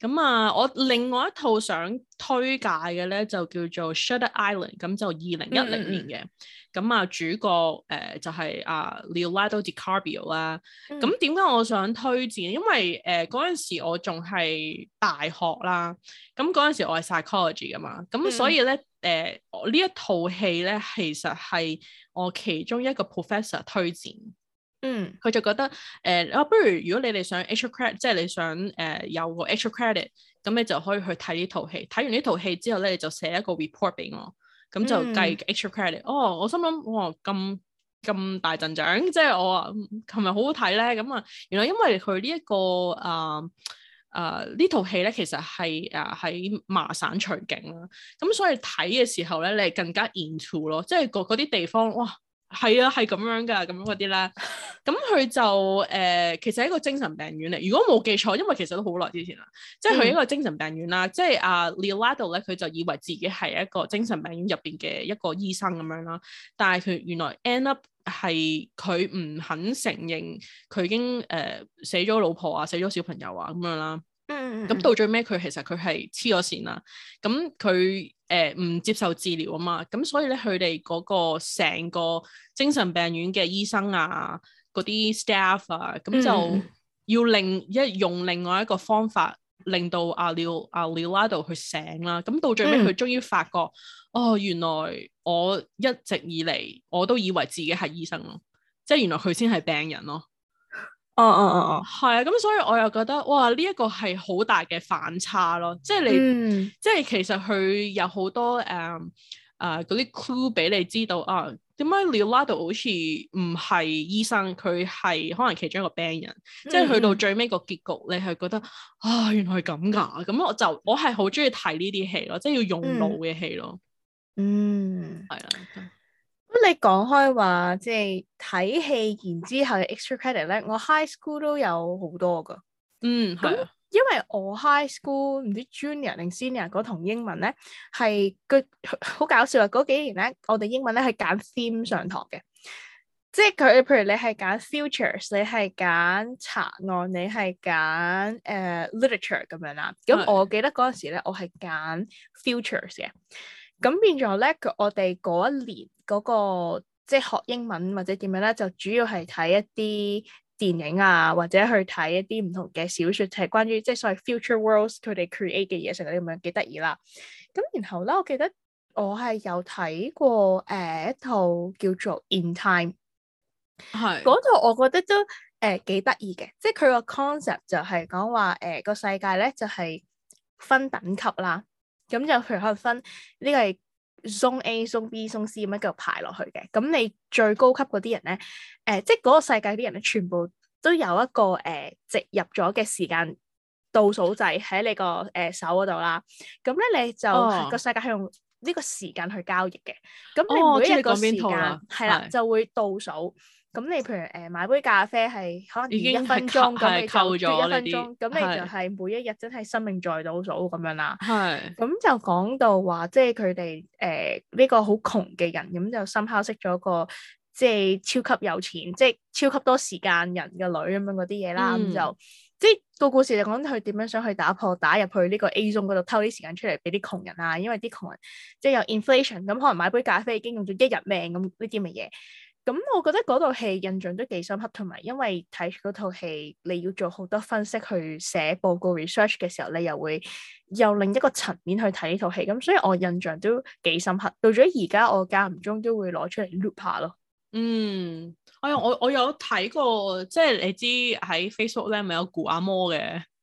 [SPEAKER 1] 咁啊，我另外一套想推介嘅咧就叫做 Shutter Island，就《Shutter Island、嗯》，咁就二零一零年嘅。咁啊，主角誒、呃、就係、是、啊、呃、Leonardo DiCaprio 啦、嗯。咁點解我想推薦？因為誒嗰陣時我仲係大學啦。咁嗰陣時我係 psychology 噶嘛。咁所以咧誒，呢、嗯呃、一套戲咧其實係我其中一個 professor 推薦。嗯，佢就覺得，誒、呃，我、啊、不如如果你哋想 extra credit，即係你想誒、呃、有個 extra credit，咁你就可以去睇呢套戲。睇完呢套戲之後咧，你就寫一個 report 俾我，咁就計 extra credit。嗯、哦，我心諗，哇、哦，咁咁大陣仗，即係我啊琴日好好睇咧。咁啊，原來因為佢、這個呃呃、呢一個啊啊呢套戲咧，其實係啊喺麻省取景啦。咁所以睇嘅時候咧，你係更加 into 咯，即係嗰啲地方，哇！係啊，係咁樣㗎，咁樣嗰啲咧，咁 佢就誒、呃，其實係一個精神病院嚟。如果冇記錯，因為其實都好耐之前啦，即係佢應該係精神病院啦。即係啊，Leonardo 咧，佢就以為自己係一個精神病院入邊嘅一個醫生咁樣啦。但係佢原來 end up 係佢唔肯承認佢已經誒、呃、死咗老婆啊，死咗小朋友啊咁樣啦。嗯。咁到最尾佢其實佢係黐咗線啦。咁佢。誒唔、呃、接受治療啊嘛，咁、嗯、所以咧佢哋嗰個成個精神病院嘅醫生啊，嗰啲 staff 啊，咁、嗯、就要另一用另外一個方法，令到阿廖阿廖拉度去醒啦、啊。咁、嗯、到最尾佢終於發覺，哦原來我一直以嚟我都以為自己係醫生咯，即係原來佢先係病人咯。
[SPEAKER 2] 哦哦哦
[SPEAKER 1] 哦，係啊、oh, oh, oh.，咁所以我又覺得哇，呢一個係好大嘅反差咯，即係你，嗯、即係其實佢有好多誒誒嗰啲 clue 俾你知道啊，點解 Leonardo 好似唔係醫生，佢係可能其中一個病人，嗯、即係去到最尾個結局，你係覺得啊，原來係咁㗎，咁我就我係好鍾意睇呢啲戲咯，即係要用腦嘅戲咯，
[SPEAKER 2] 嗯，係、嗯、啦。咁你講開話，即係睇戲然之後 extra credit 咧，我 high school 都有好多㗎。嗯，係。因為我 high school 唔知 junior 定 senior 嗰同英文咧，係個好搞笑啊！嗰幾年咧，我哋英文咧係揀 theme 上堂嘅，即係佢譬如你係揀 futures，你係揀查案，你係揀誒 literature 咁樣啦。咁我記得嗰陣時咧，我係揀 futures 嘅。咁變咗咧，佢我哋嗰一年嗰、那個即係學英文或者點樣咧，就主要係睇一啲電影啊，或者去睇一啲唔同嘅小說，就係關於即係所謂 future worlds 佢哋 create 嘅嘢，成咁樣，幾得意啦。咁然後咧，我記得我係有睇過誒、呃、一套叫做《In Time 是》，係嗰套我覺得都誒幾得意嘅，即係佢個 concept 就係講話誒個世界咧就係、是、分等級啦。咁就譬如可能分呢個係 Zone A、Zone B、Zone C 咁樣繼續排落去嘅。咁你最高級嗰啲人咧，誒、呃，即係嗰個世界啲人咧，呃、人全部都有一個誒植、呃、入咗嘅時間倒數制喺你個誒手嗰度啦。咁咧你就個世界係用呢個時間去交易嘅。咁你每一個時間係啦，就會倒數。咁你譬如誒、呃、買杯咖啡係可能已經一分鐘，咁，扣咗一分鐘咁你就係每一日真係生命在倒數咁樣啦。係的。咁就講到話，即係佢哋誒呢個好窮嘅人，咁就深刻識咗個即係超級有錢，即係超級多時間人嘅女咁樣嗰啲嘢啦。咁、嗯、就即係個故事就講佢點樣想去打破打入去呢個 A zone 嗰度偷啲時間出嚟俾啲窮人啊，因為啲窮人即係有 inflation，咁可能買杯咖啡已經用咗一日命咁呢啲咁嘅嘢。咁我覺得嗰套戲印象都幾深刻，同埋因為睇嗰套戲，你要做好多分析去寫報告 research 嘅時候，你又會由另一個層面去睇呢套戲，咁所以我印象都幾深刻。到咗而家，我間唔中
[SPEAKER 1] 都會攞出嚟 loop 下咯。嗯，哎呀，我我有睇過，即係你知喺 Facebook 咧咪有古阿摩嘅。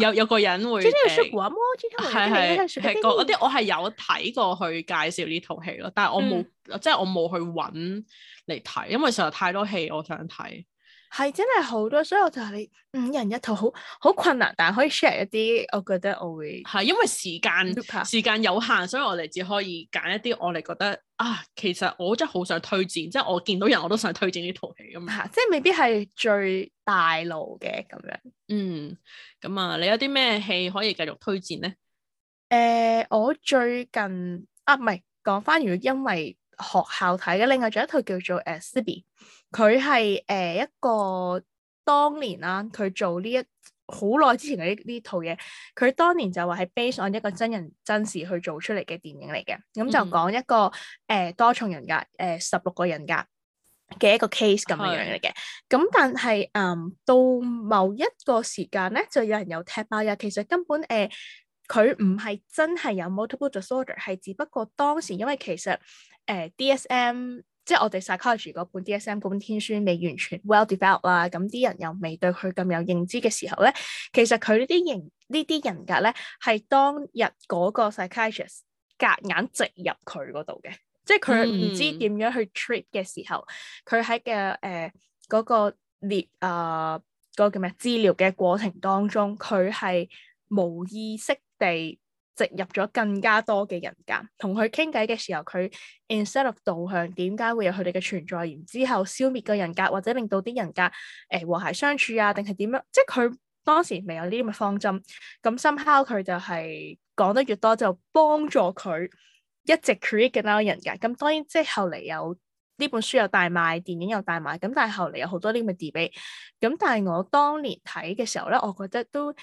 [SPEAKER 1] 有有個人會，即係呢係啲我係有睇過去介紹呢套戲咯，嗯、但係我冇，即、就、係、是、我冇去揾嚟睇，因為實在太多戲我想睇。係真係好
[SPEAKER 2] 多，所以我就係你五人一套，好好困難，但可以 share 一啲。我覺得我會
[SPEAKER 1] 係因為時間怕時間有限，所以我哋只可以揀一啲我哋覺得啊，其實我真係好想推薦，即係我見到人我都想推薦呢套戲咁樣。啊、即
[SPEAKER 2] 係未必係最大路嘅咁樣。
[SPEAKER 1] 嗯，咁啊，你有啲咩戲可以繼續推薦咧？
[SPEAKER 2] 誒、呃，我最近啊，唔係講翻，如果因為學校睇嘅，另外仲有一套叫做誒 Sibby。佢係誒一個當年啦、啊，佢做呢一好耐之前嘅呢呢套嘢，佢當年就話係 base on 一個真人真事去做出嚟嘅電影嚟嘅。咁就講一個誒、嗯呃、多重人格誒十六個人格嘅一個 case 咁樣樣嚟嘅，咁但係誒、嗯、到某一個時間咧，就有人又踢爆啦，其實根本誒佢唔係真係有 multiple disorder，係只不過當時因為其實誒 DSM。呃 DSM, 即係我哋 psychiatry 嗰本 DSM 嗰本天書未完全 well develop 啦，咁啲人又未對佢咁有認知嘅時候咧，其實佢呢啲人呢啲人格咧係當日嗰個 psychiatrist 隔硬植入佢嗰度嘅，即係佢唔知點樣去 treat 嘅時候，佢喺嘅誒嗰個列啊嗰個叫咩治療嘅過程當中，佢係冇意識地，植入咗更加多嘅人格，同佢傾偈嘅時候，佢 instead of 導向點解會有佢哋嘅存在，然之後消滅個人格，或者令到啲人格誒、欸、和諧相處啊，定係點樣？即係佢當時未有呢啲咁嘅方針，咁 somehow 佢就係、是、講得越多就幫助佢一直 create 嘅嗰個人格。咁當然即係後嚟有呢本書有大賣，電影又大賣，咁但係後嚟有好多呢咁嘅 debate。咁但係我當年睇嘅時候咧，我覺得都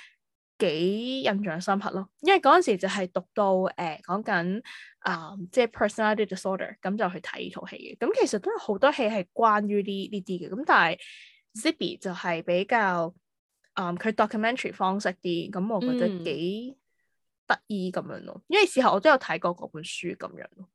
[SPEAKER 2] 幾印象深刻咯，因為嗰陣時就係讀到誒講緊啊，即係 personality disorder 咁就去睇呢套戲嘅。咁其實都有好多戲係關於呢呢啲嘅，咁但係 Zippy 就係比較啊佢，嗯、documentary 方式啲，咁我覺得幾得意咁樣咯。嗯、因為事後我都有睇過嗰本書咁樣咯。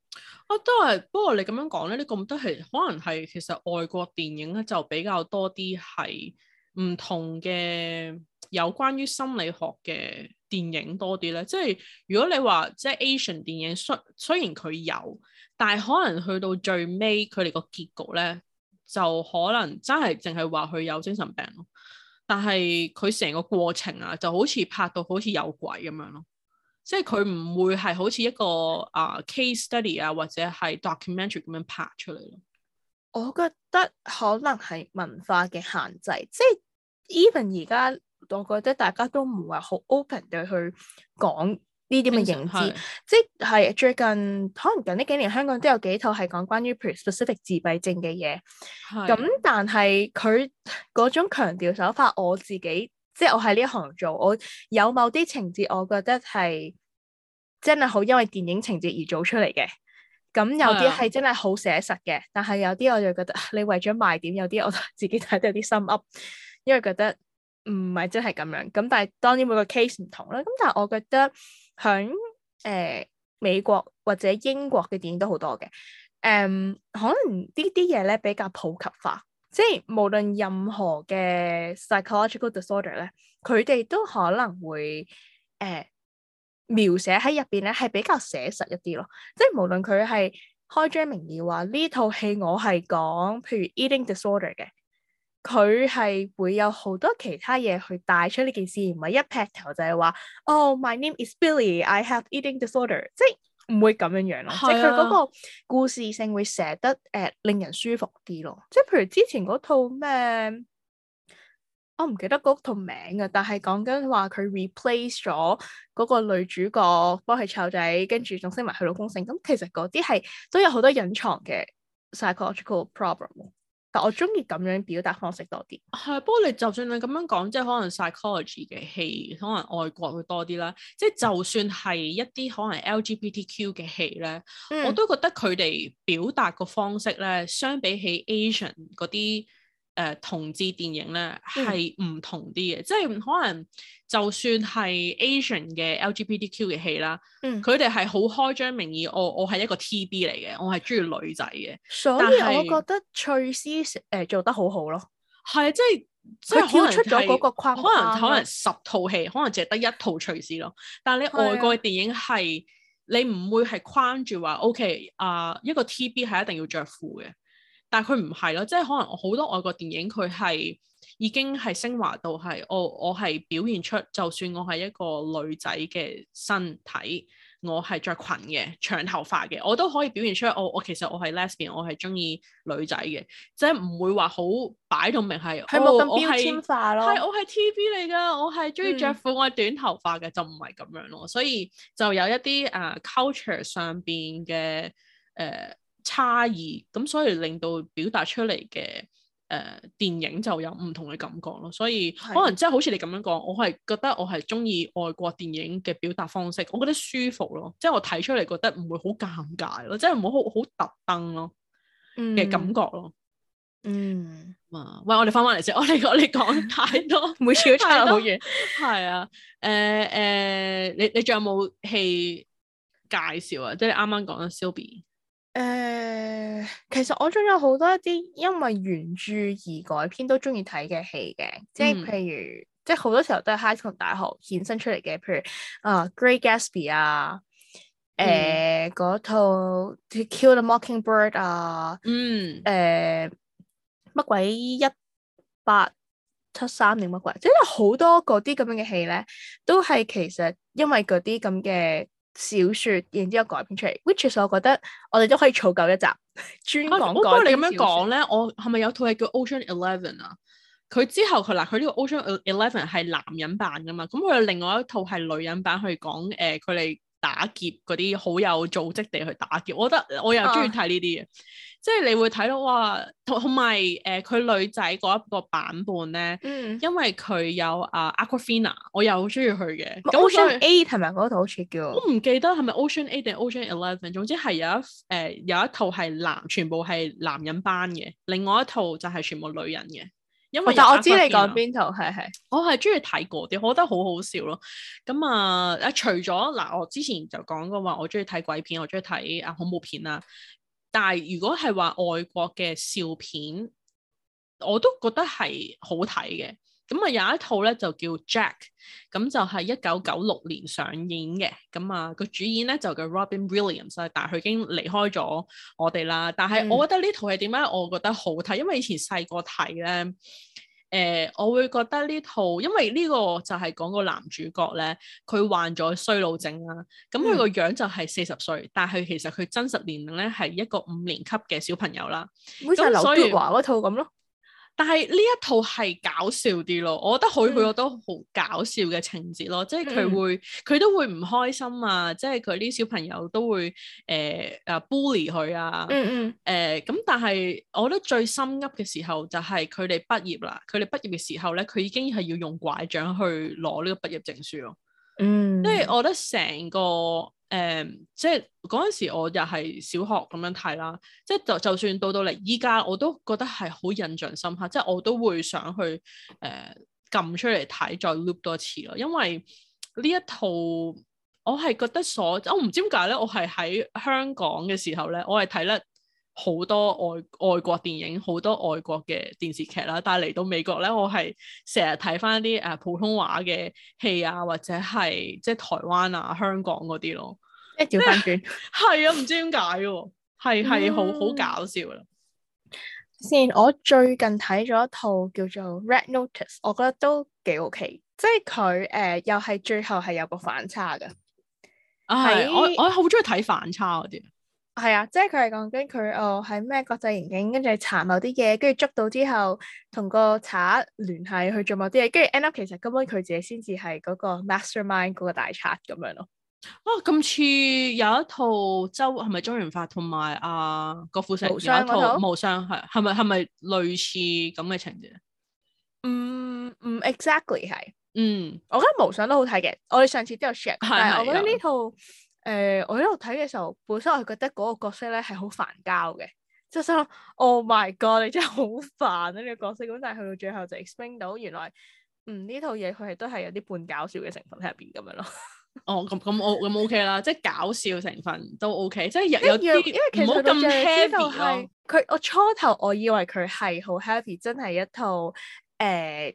[SPEAKER 1] 我都係，不過你咁樣講咧，你覺得係可能係其實外國電影咧就比較多啲係唔同嘅。有關於心理學嘅電影多啲咧，即係如果你話即係 Asian 電影，雖雖然佢有，但係可能去到最尾佢哋個結局咧，就可能真係淨係話佢有精神病咯。但係佢成個過程啊，就好似拍到好似有鬼咁樣咯，即係佢唔會係好似一個啊、uh, case study 啊或者係 documentary 咁樣拍出嚟咯。
[SPEAKER 2] 我覺得可能係文化嘅限制，即係 even 而家。我覺得大家都唔係好 open 對去講呢啲嘅認知，即係最近可能近呢幾年香港都有幾套係講關於譬如 specific 自閉症嘅嘢，咁是、嗯、但係佢嗰種強調手法，我自己即係我喺呢一行做，我有某啲情節，我覺得係真係好因為電影情節而做出嚟嘅。咁、嗯、有啲係真係好寫實嘅，是但係有啲我就覺得你為咗賣點，有啲我自己睇得有啲心噏，因為覺得。唔係真係咁樣，咁但係當然每個 case 唔同啦。咁但係我覺得響誒、呃、美國或者英國嘅電影都好多嘅，誒、呃、可能呢啲嘢咧，比較普及化，即係無論任何嘅 psychological disorder 咧，佢哋都可能會誒、呃、描寫喺入邊咧係比較寫實一啲咯。即係無論佢係開張名義話呢套戲我係講譬如 eating disorder 嘅。佢係會有好多其他嘢去帶出呢件事，唔係一劈頭就係話哦，my name is Billy，I have eating disorder，即係唔會咁樣樣咯，即係佢嗰個故事性會寫得誒、呃、令人舒服啲咯。即係譬如之前嗰套咩，我唔記得嗰套名啊，但係講緊話佢 replace 咗嗰個女主角幫，幫佢湊仔，跟住仲升埋佢老公性，咁、嗯嗯、其實嗰啲係都有好多隱藏嘅 psychological problem。但我中意咁樣表達方式多啲，
[SPEAKER 1] 係，不過你就算你咁樣講，即係可能 psychology 嘅戲，可能外國會多啲啦。即係就算係一啲可能 LGBTQ 嘅戲咧，嗯、我都覺得佢哋表達個方式咧，相比起 Asian 嗰啲。誒同志電影咧係唔同啲嘅，嗯、即係可能就算係 Asian 嘅 LGBTQ 嘅戲啦，佢哋係好開宗明義。我我係一個 TB 嚟嘅，我係中意女仔嘅。所以是我覺
[SPEAKER 2] 得翠絲誒做得好好咯，係即係佢跳出咗嗰個框框可能可能十
[SPEAKER 1] 套戲，可能淨係得一套翠絲咯。但係你外國嘅電影係的你唔會係框住話，OK 啊、呃、一個 TB 係一定要着褲嘅。但佢唔係咯，即係可能好多外國電影佢係已經係昇華到係、哦、我我係表現出，就算我係一個女仔嘅身體，我係着裙嘅長頭髮嘅，我都可以表現出我、哦、我其實我係 lesbian，我係中意女仔嘅，即係唔會話好擺到明係。係冇咁標籤化咯。係我係 TV 嚟㗎，我係中意着褲，我係短頭髮嘅，嗯、就唔係咁樣咯。所以就有一啲啊、uh, culture 上面嘅誒。Uh, 差異咁，所以令到表達出嚟嘅、誒電影就有唔同嘅感覺咯。所以可能即係好似你咁樣講，的我係覺得我係中意外國電影嘅表達方式，我覺得舒服咯。即係我睇出嚟覺得唔會好尷尬咯，即係唔好好好特登咯嘅感覺咯。嗯啊，喂，我哋翻翻嚟先，我哋我哋講太多，每次都差好嘢。係啊，誒誒，你你仲有冇戲介紹啊？即係啱啱講嘅 Sylvie 誒
[SPEAKER 2] ，uh, 其實我中有好多一啲因為原著而改編都中意睇嘅戲嘅，嗯、即係譬如，即係好多時候都係 High School 大學衍生出嚟嘅，譬如啊、uh,，Great Gatsby 啊，誒、呃，嗰、嗯、套《To Kill the Mockingbird》啊，嗯，誒、呃，乜鬼一八七三定乜鬼，即係好多嗰啲咁樣嘅戲咧，都係其實因為嗰啲咁嘅。小說，然之後改編出嚟，which 所以我覺得我哋都可以儲夠一集。專
[SPEAKER 1] 講講，不過、 啊、你咁樣講咧，我係咪有套戲叫 Ocean Eleven 啊？佢之後佢嗱，佢呢個 Ocean Eleven 係男人版噶嘛，咁佢有另外一套係女人版去講誒，佢、呃、哋。打劫嗰啲好有組織地去打劫，我覺得我又中意睇呢啲嘢。啊、即係你會睇到哇，同同埋誒佢女仔嗰一個版本咧，嗯、因為佢有啊、呃、Awkwafina，我又好中意佢嘅。咁、嗯、Ocean Eight 係咪嗰套好似叫，我唔記得係咪 Ocean Eight 定 Ocean Eleven，總之係有一誒、呃、有一套係男，全部係男人班嘅，另外一套就係全部女人嘅。因為但我知你講邊套係係，是是我係中意睇嗰啲，我覺得好好笑咯。咁啊，除咗嗱，我之前就講過話，我中意睇鬼片，我中意睇啊恐怖片啦。但係如果係話外國嘅笑片，我都覺得係好睇嘅。咁啊有一套咧就叫 Jack，咁就係一九九六年上映嘅，咁啊個主演咧就叫 Robin Williams，但係佢已經離開咗我哋啦。但係我覺得呢套係點解我覺得好睇，嗯、因為以前細個睇咧，誒、呃、我會覺得呢套，因為呢個就係講個男主角咧，佢患咗衰老症啦、啊，咁佢個樣就係四十歲，嗯、但係其實佢真實年齡咧係一個五年級嘅小朋友啦，好似係劉德華嗰套咁咯。但係呢一套係搞笑啲咯，我覺得佢佢都好搞笑嘅情節咯，嗯、即係佢會佢都會唔開心啊，即係佢啲小朋友都會誒啊 bully 佢啊，呃呃呃、嗯嗯誒咁、呃，但係我覺得最深刻嘅時候就係佢哋畢業啦，佢哋畢業嘅時候咧，佢已經係要用拐杖去攞呢個畢業證書咯，嗯，
[SPEAKER 2] 因為我
[SPEAKER 1] 覺得成個。誒、嗯，即係嗰陣時，我又係小學咁樣睇啦。即係就就算到到嚟依家，我都覺得係好印象深刻。即係我都會想去誒撳、呃、出嚟睇，再 loop 多次咯。因為呢一套我係覺得所，我唔知點解咧。我係喺香港嘅時候咧，我係睇得好多外外國電影，好多外國嘅電視劇啦。但係嚟到美國咧，我係成日睇翻啲誒普通話嘅戲啊，或者係即係台灣啊、香港嗰啲咯。掉翻轉，係啊，唔知點解喎，係係 好、嗯、好搞笑啦。
[SPEAKER 2] 先，我最近睇咗一套叫做《Red Notice》，我覺得都幾 OK 即。即係佢誒，又係最後係有個反差噶。啊、哎呀，係是我我
[SPEAKER 1] 好中意睇反差嗰啲。
[SPEAKER 2] 係啊，即係佢係講緊佢哦，喺咩國際刑警，跟住查某啲嘢，跟住捉到之後，同個賊聯繫去做某啲嘢，跟住 end up 其實根本佢自己先至係嗰個 mastermind 嗰個大賊咁樣咯。
[SPEAKER 1] 哦，咁似有一套周係咪周潤發同埋阿郭富城有一套《無雙》係，係咪係咪類似咁嘅情節？
[SPEAKER 2] 唔嗯，exactly 係，嗯，嗯我覺得《無雙》都好睇嘅。我哋上次都有 share，但係我覺得呢套誒、嗯呃，我喺度睇嘅時候，本身我係覺得嗰個角色咧係好煩交嘅，即係想,想，Oh my God，你真係好煩啊！你角色咁，但係去到最後就 explain 到，原來
[SPEAKER 1] 嗯呢套嘢佢係都係有啲半搞笑嘅成分喺入邊咁樣咯。 哦，咁咁我咁 OK 啦，即係搞笑成分都 OK，即係有 有啲唔好咁 happy 咯。
[SPEAKER 2] 佢 我初頭我以為佢係好 happy，真係一套誒、呃、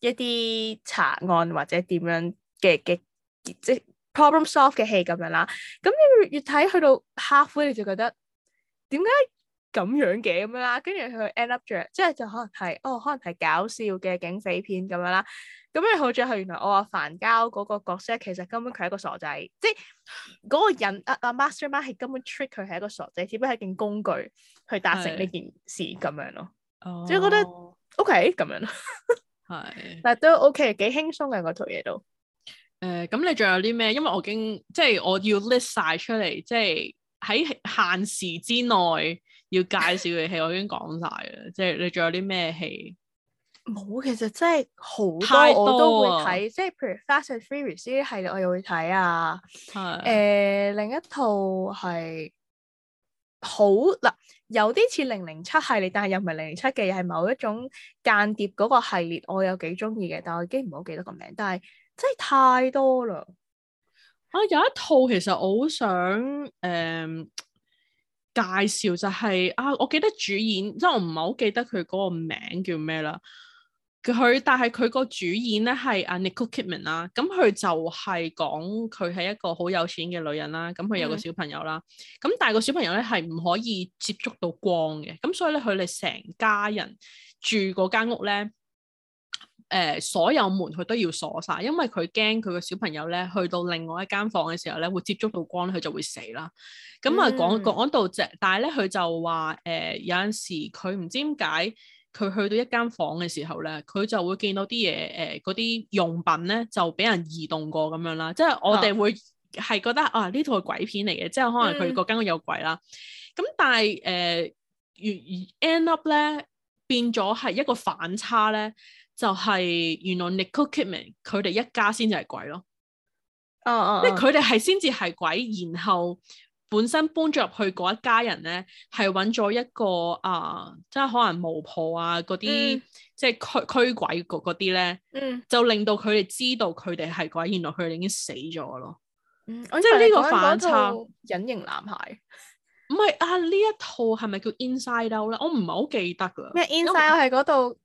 [SPEAKER 2] 一啲查案或者點樣嘅嘅即係 problem solve 嘅戲咁樣啦。咁你越睇去到 halfway 你就覺得點解？咁樣嘅咁樣啦，跟住佢 end up 咗，即係就可能係哦，可能係搞笑嘅警匪片咁樣啦。咁然好似係原來我話樊郊嗰個角色，其實根本佢係一個傻仔，即係嗰個人阿阿、啊啊、Master Mark 係根本 trick 佢係一個傻仔，只不過係件工具去
[SPEAKER 1] 達成呢件事咁是樣咯。即係、oh. 覺得 OK 咁樣咯，係
[SPEAKER 2] 是，但係都 OK，幾輕鬆嘅嗰套嘢都。
[SPEAKER 1] 誒、呃，咁你仲有啲咩？因為我已經即係我要 list 晒出嚟，即係喺限時之內。 要介紹嘅戲我已經講晒啦，即係你仲有啲咩戲？
[SPEAKER 2] 冇，其實真係
[SPEAKER 1] 好多我都會睇，即
[SPEAKER 2] 係譬如《Fast and Furious》系列我又會睇啊。係的。誒、呃，另一套係好嗱，有啲似零零七系列，但係又唔係零零七嘅，係某一種間諜嗰個系列，我有幾鍾意嘅，但係我已經唔好記得個名。但係真係太多啦。
[SPEAKER 1] 啊，有一套其實我好想誒。嗯介紹就係、是、啊，我記得主演，即係我唔係好記得佢嗰個名叫咩啦。佢但係佢個主演咧係啊 Nicole Kidman 啦，咁佢就係講佢係一個好有錢嘅女人啦，咁佢有個小朋友啦，咁、嗯、但係個小朋友咧係唔可以接觸到光嘅，咁所以咧佢哋成家人住嗰間屋咧，誒、呃、所有門佢都要鎖晒，因為佢驚佢個小朋友咧去到另外一間房嘅時候咧，會接觸到光，佢就會死啦。咁啊，講、嗯、講到即但係咧佢就話誒、呃、有陣時佢唔知點解佢去到一間房嘅時候咧，佢就會見到啲嘢，誒嗰啲用品咧就俾人移動過咁樣啦。即係我哋會係覺得啊呢套係鬼片嚟嘅，即係可能佢個間屋有鬼啦。咁、嗯、但係誒越 end up 咧變咗係一個反差咧。就係原來 Nicole Kidman 佢哋一家先至係鬼咯，哦哦、oh, oh, oh，即係佢哋係先至係鬼，然後本身搬咗入去嗰一家人咧，係揾咗一個啊，即、呃、係可能巫婆啊嗰啲，即係驅驅鬼嗰嗰啲咧，嗯，嗯就令到佢哋知道佢哋係鬼，原來佢哋已經死咗咯。嗯、即係呢個反差，隱形男孩，唔係啊？呢一套係咪叫 In Out 呢 Inside Out 咧因為？我唔係好記得㗎，咩 Inside？o 我喺嗰度。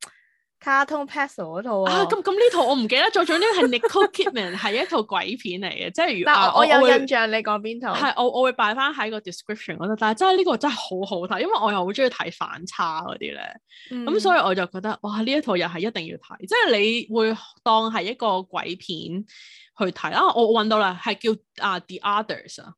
[SPEAKER 1] 卡通 Pastel 嗰套啊，咁咁呢套我唔記得，再總之係 Nicole Kidman 係 一套鬼片嚟嘅，即係如果我，我有印象，你講邊套？係我我會擺翻喺個 description 嗰度，但係真係呢、呢個真係好好睇，因為我又好中意睇反差嗰啲咧，咁、嗯、所以我就覺得哇呢一套又係一定要睇，即係你會當係一個鬼片去睇啦、啊。我我揾到啦，係叫啊、uh, The Others 啊。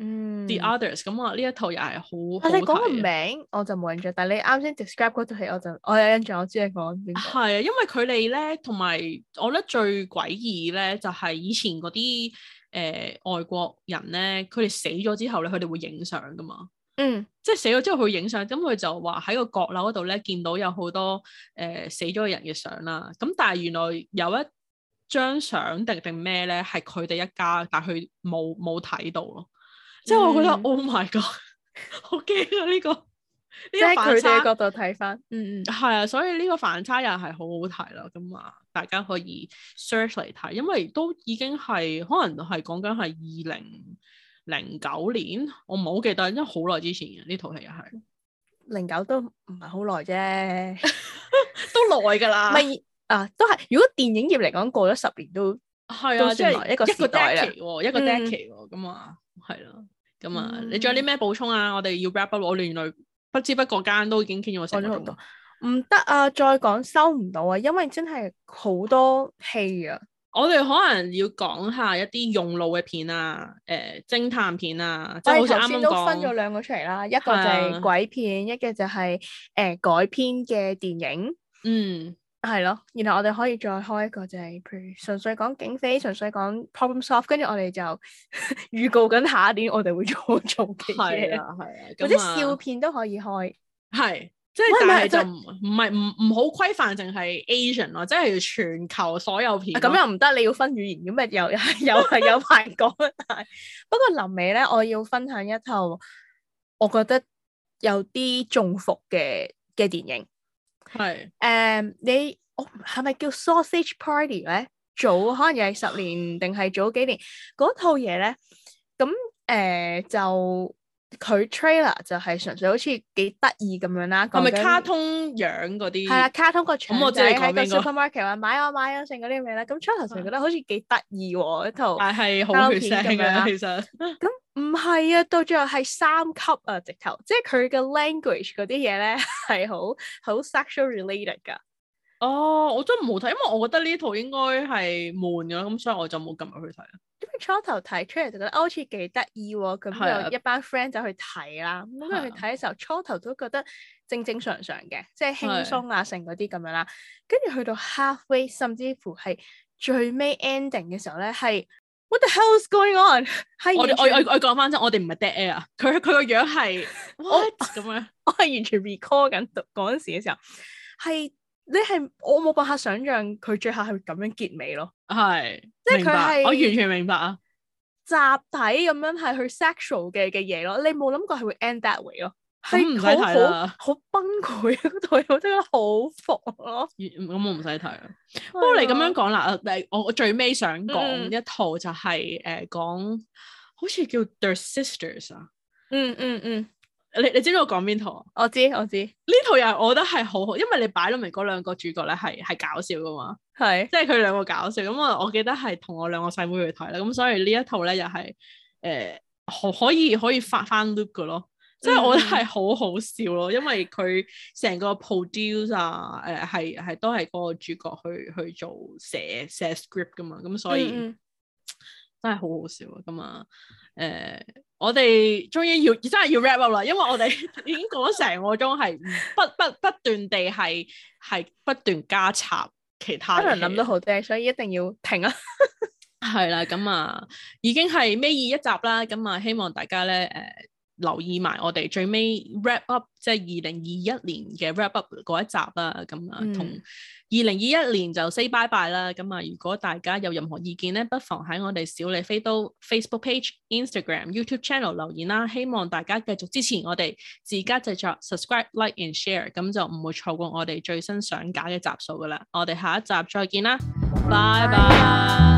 [SPEAKER 1] 嗯，the others 咁啊、嗯，呢一套又係好，但係講個名我
[SPEAKER 2] 就冇印象，但係你啱先 describe 嗰套戲，我就我有印象，我知你講邊套。
[SPEAKER 1] 係啊，因為佢哋咧，同埋我覺得最詭異咧，就係、是、以前嗰啲誒外國人咧，佢哋死咗之後咧，佢哋會影相噶嘛。嗯，即係死咗之後佢影相，咁佢就話喺個閣樓嗰度咧，見到有好多誒、呃、死咗嘅人嘅相啦。咁但係原來有一張相定定咩咧，係佢哋一家，但係佢冇冇睇到咯。即係我覺得、嗯，Oh my God！ 好驚啊，呢個
[SPEAKER 2] 呢個反差，即係佢哋角
[SPEAKER 1] 度睇翻，嗯嗯係啊，所以呢個反差又係好好睇咯，咁啊，大家可以 search 嚟睇，因為都已經係可能係講緊係二零零九年，我唔係好記得，因為好耐之前嘅呢套戲又係
[SPEAKER 2] 零九都唔係好耐啫，都
[SPEAKER 1] 耐㗎啦，咪
[SPEAKER 2] 啊都係，如果電影業嚟講過咗十年都係啊，即係的一個一個 decade 喎，一個 decade
[SPEAKER 1] 喎、啊，咁啊係咯。嗯咁啊！嗯、你仲有啲咩補充啊？我哋要 rap up，我亂來，不知不覺間都已經傾咗收咗咁多，
[SPEAKER 2] 唔得啊！再講收唔到啊，因為真係好多戲啊！
[SPEAKER 1] 我哋可能要講下一啲用腦嘅片啊，誒、呃，偵探片啊，即、就、係、是、好似啱都分咗兩
[SPEAKER 2] 個出嚟啦，一個就係鬼片，啊、一個就係、是、誒、呃、改編嘅電影，嗯。係咯，然後我哋可以再開一個，就係譬如純粹講警匪，純粹講 problem s o f t 跟住我哋就
[SPEAKER 1] 預 告緊下一年我哋會做做嘅嘢，係啊係啊，的或笑
[SPEAKER 2] 片都可以開，
[SPEAKER 1] 係即係但係就唔係唔唔好規範淨係 Asian 咯，即係全球所有片咁又唔得，你要分語言，咁咪 又又係有排講啊！
[SPEAKER 2] 不過臨尾咧，我要分享一套我覺得有啲中伏嘅嘅電影。係，誒、uh,，你我係咪叫 Sausage Party 咧？早可能又係十年，定係早幾年嗰套嘢咧？咁誒、呃、就。佢 trailer 就係純粹好似幾得意咁樣啦，係咪卡
[SPEAKER 1] 通樣嗰啲？係啦、啊，卡通、嗯、我個長仔喺個
[SPEAKER 2] supermarket 話買我買我剩嗰啲咩咧？咁 trailer 仲覺得好似幾得意喎，嗰、啊、套膠是包片咁樣，其實咁唔係啊，到最後係三級啊，直頭，即係佢嘅 language 嗰啲嘢咧係好好 sexual related 噶。
[SPEAKER 1] 哦，我真係冇睇，因為我覺得呢套應該係悶咗，咁所以我就冇撳入去睇。
[SPEAKER 2] 初頭睇出嚟，就覺得好似幾得意喎，咁就一班 friend 走去睇啦。咁佢哋去睇嘅時候，初頭都覺得正正常常嘅，即係輕鬆啊，成嗰啲咁樣啦。跟住去到 halfway，甚至乎係最尾 ending 嘅時候咧，係 what the hell is going on？係我我我我講
[SPEAKER 1] 翻先，我哋唔係 dead air 啊，佢佢個樣係 what 咁樣，我係完
[SPEAKER 2] 全 recall 緊讀嗰陣時嘅時候係。你係我冇辦法想象佢最後係咁樣結尾咯，係， 即係佢係我完全明白啊，集體咁樣係去 sexual 嘅嘅嘢咯，你冇諗過係會 end that way 咯，
[SPEAKER 1] 係好好崩潰，佢我真係好服咯，咁我唔使睇啦。不過你咁樣講啦，我我最尾想講一套就係誒講，好似叫 Their Sisters 啊，嗯嗯嗯。嗯。你你知唔知我講邊套？我知我知，呢套又我覺得係好好，因為你擺到明嗰兩個主角咧係係搞笑噶嘛，係是即係佢兩個搞笑。咁我我記得係同我兩個細妹，妹去睇啦，咁所以呢一套咧又係誒可可以可以，可以發翻 look 噶咯，即係我覺得係好好笑咯，嗯、因為佢成個 produce 啊、呃、誒係係都係個主角去去做寫寫 script 噶嘛，咁所以嗯嗯真係好好笑啊咁啊誒。我哋終於要真係要 wrap up 啦，因為我哋已經講成個鐘係不不不斷地係係不斷加插其他人諗都
[SPEAKER 2] 好多，所以一定要停啊！
[SPEAKER 1] 係 啦，咁啊，已經係尾二一集啦，咁啊，希望大家咧誒～、呃留意埋我哋最尾 wrap up，即係二零二一年嘅 wrap up 嗰一集啦，咁啊，同二零二一年就 say bye bye 啦。咁、嗯、啊，如果大家有任何意見咧，不妨喺我哋小李飛刀 Facebook page、Instagram、YouTube channel 留言啦。希望大家繼續支持我哋自家製作，subscribe、like and share，咁、嗯嗯、就唔會錯過我哋最新上架嘅集數噶啦。我哋下一集再見啦，拜拜 bye。Bye bye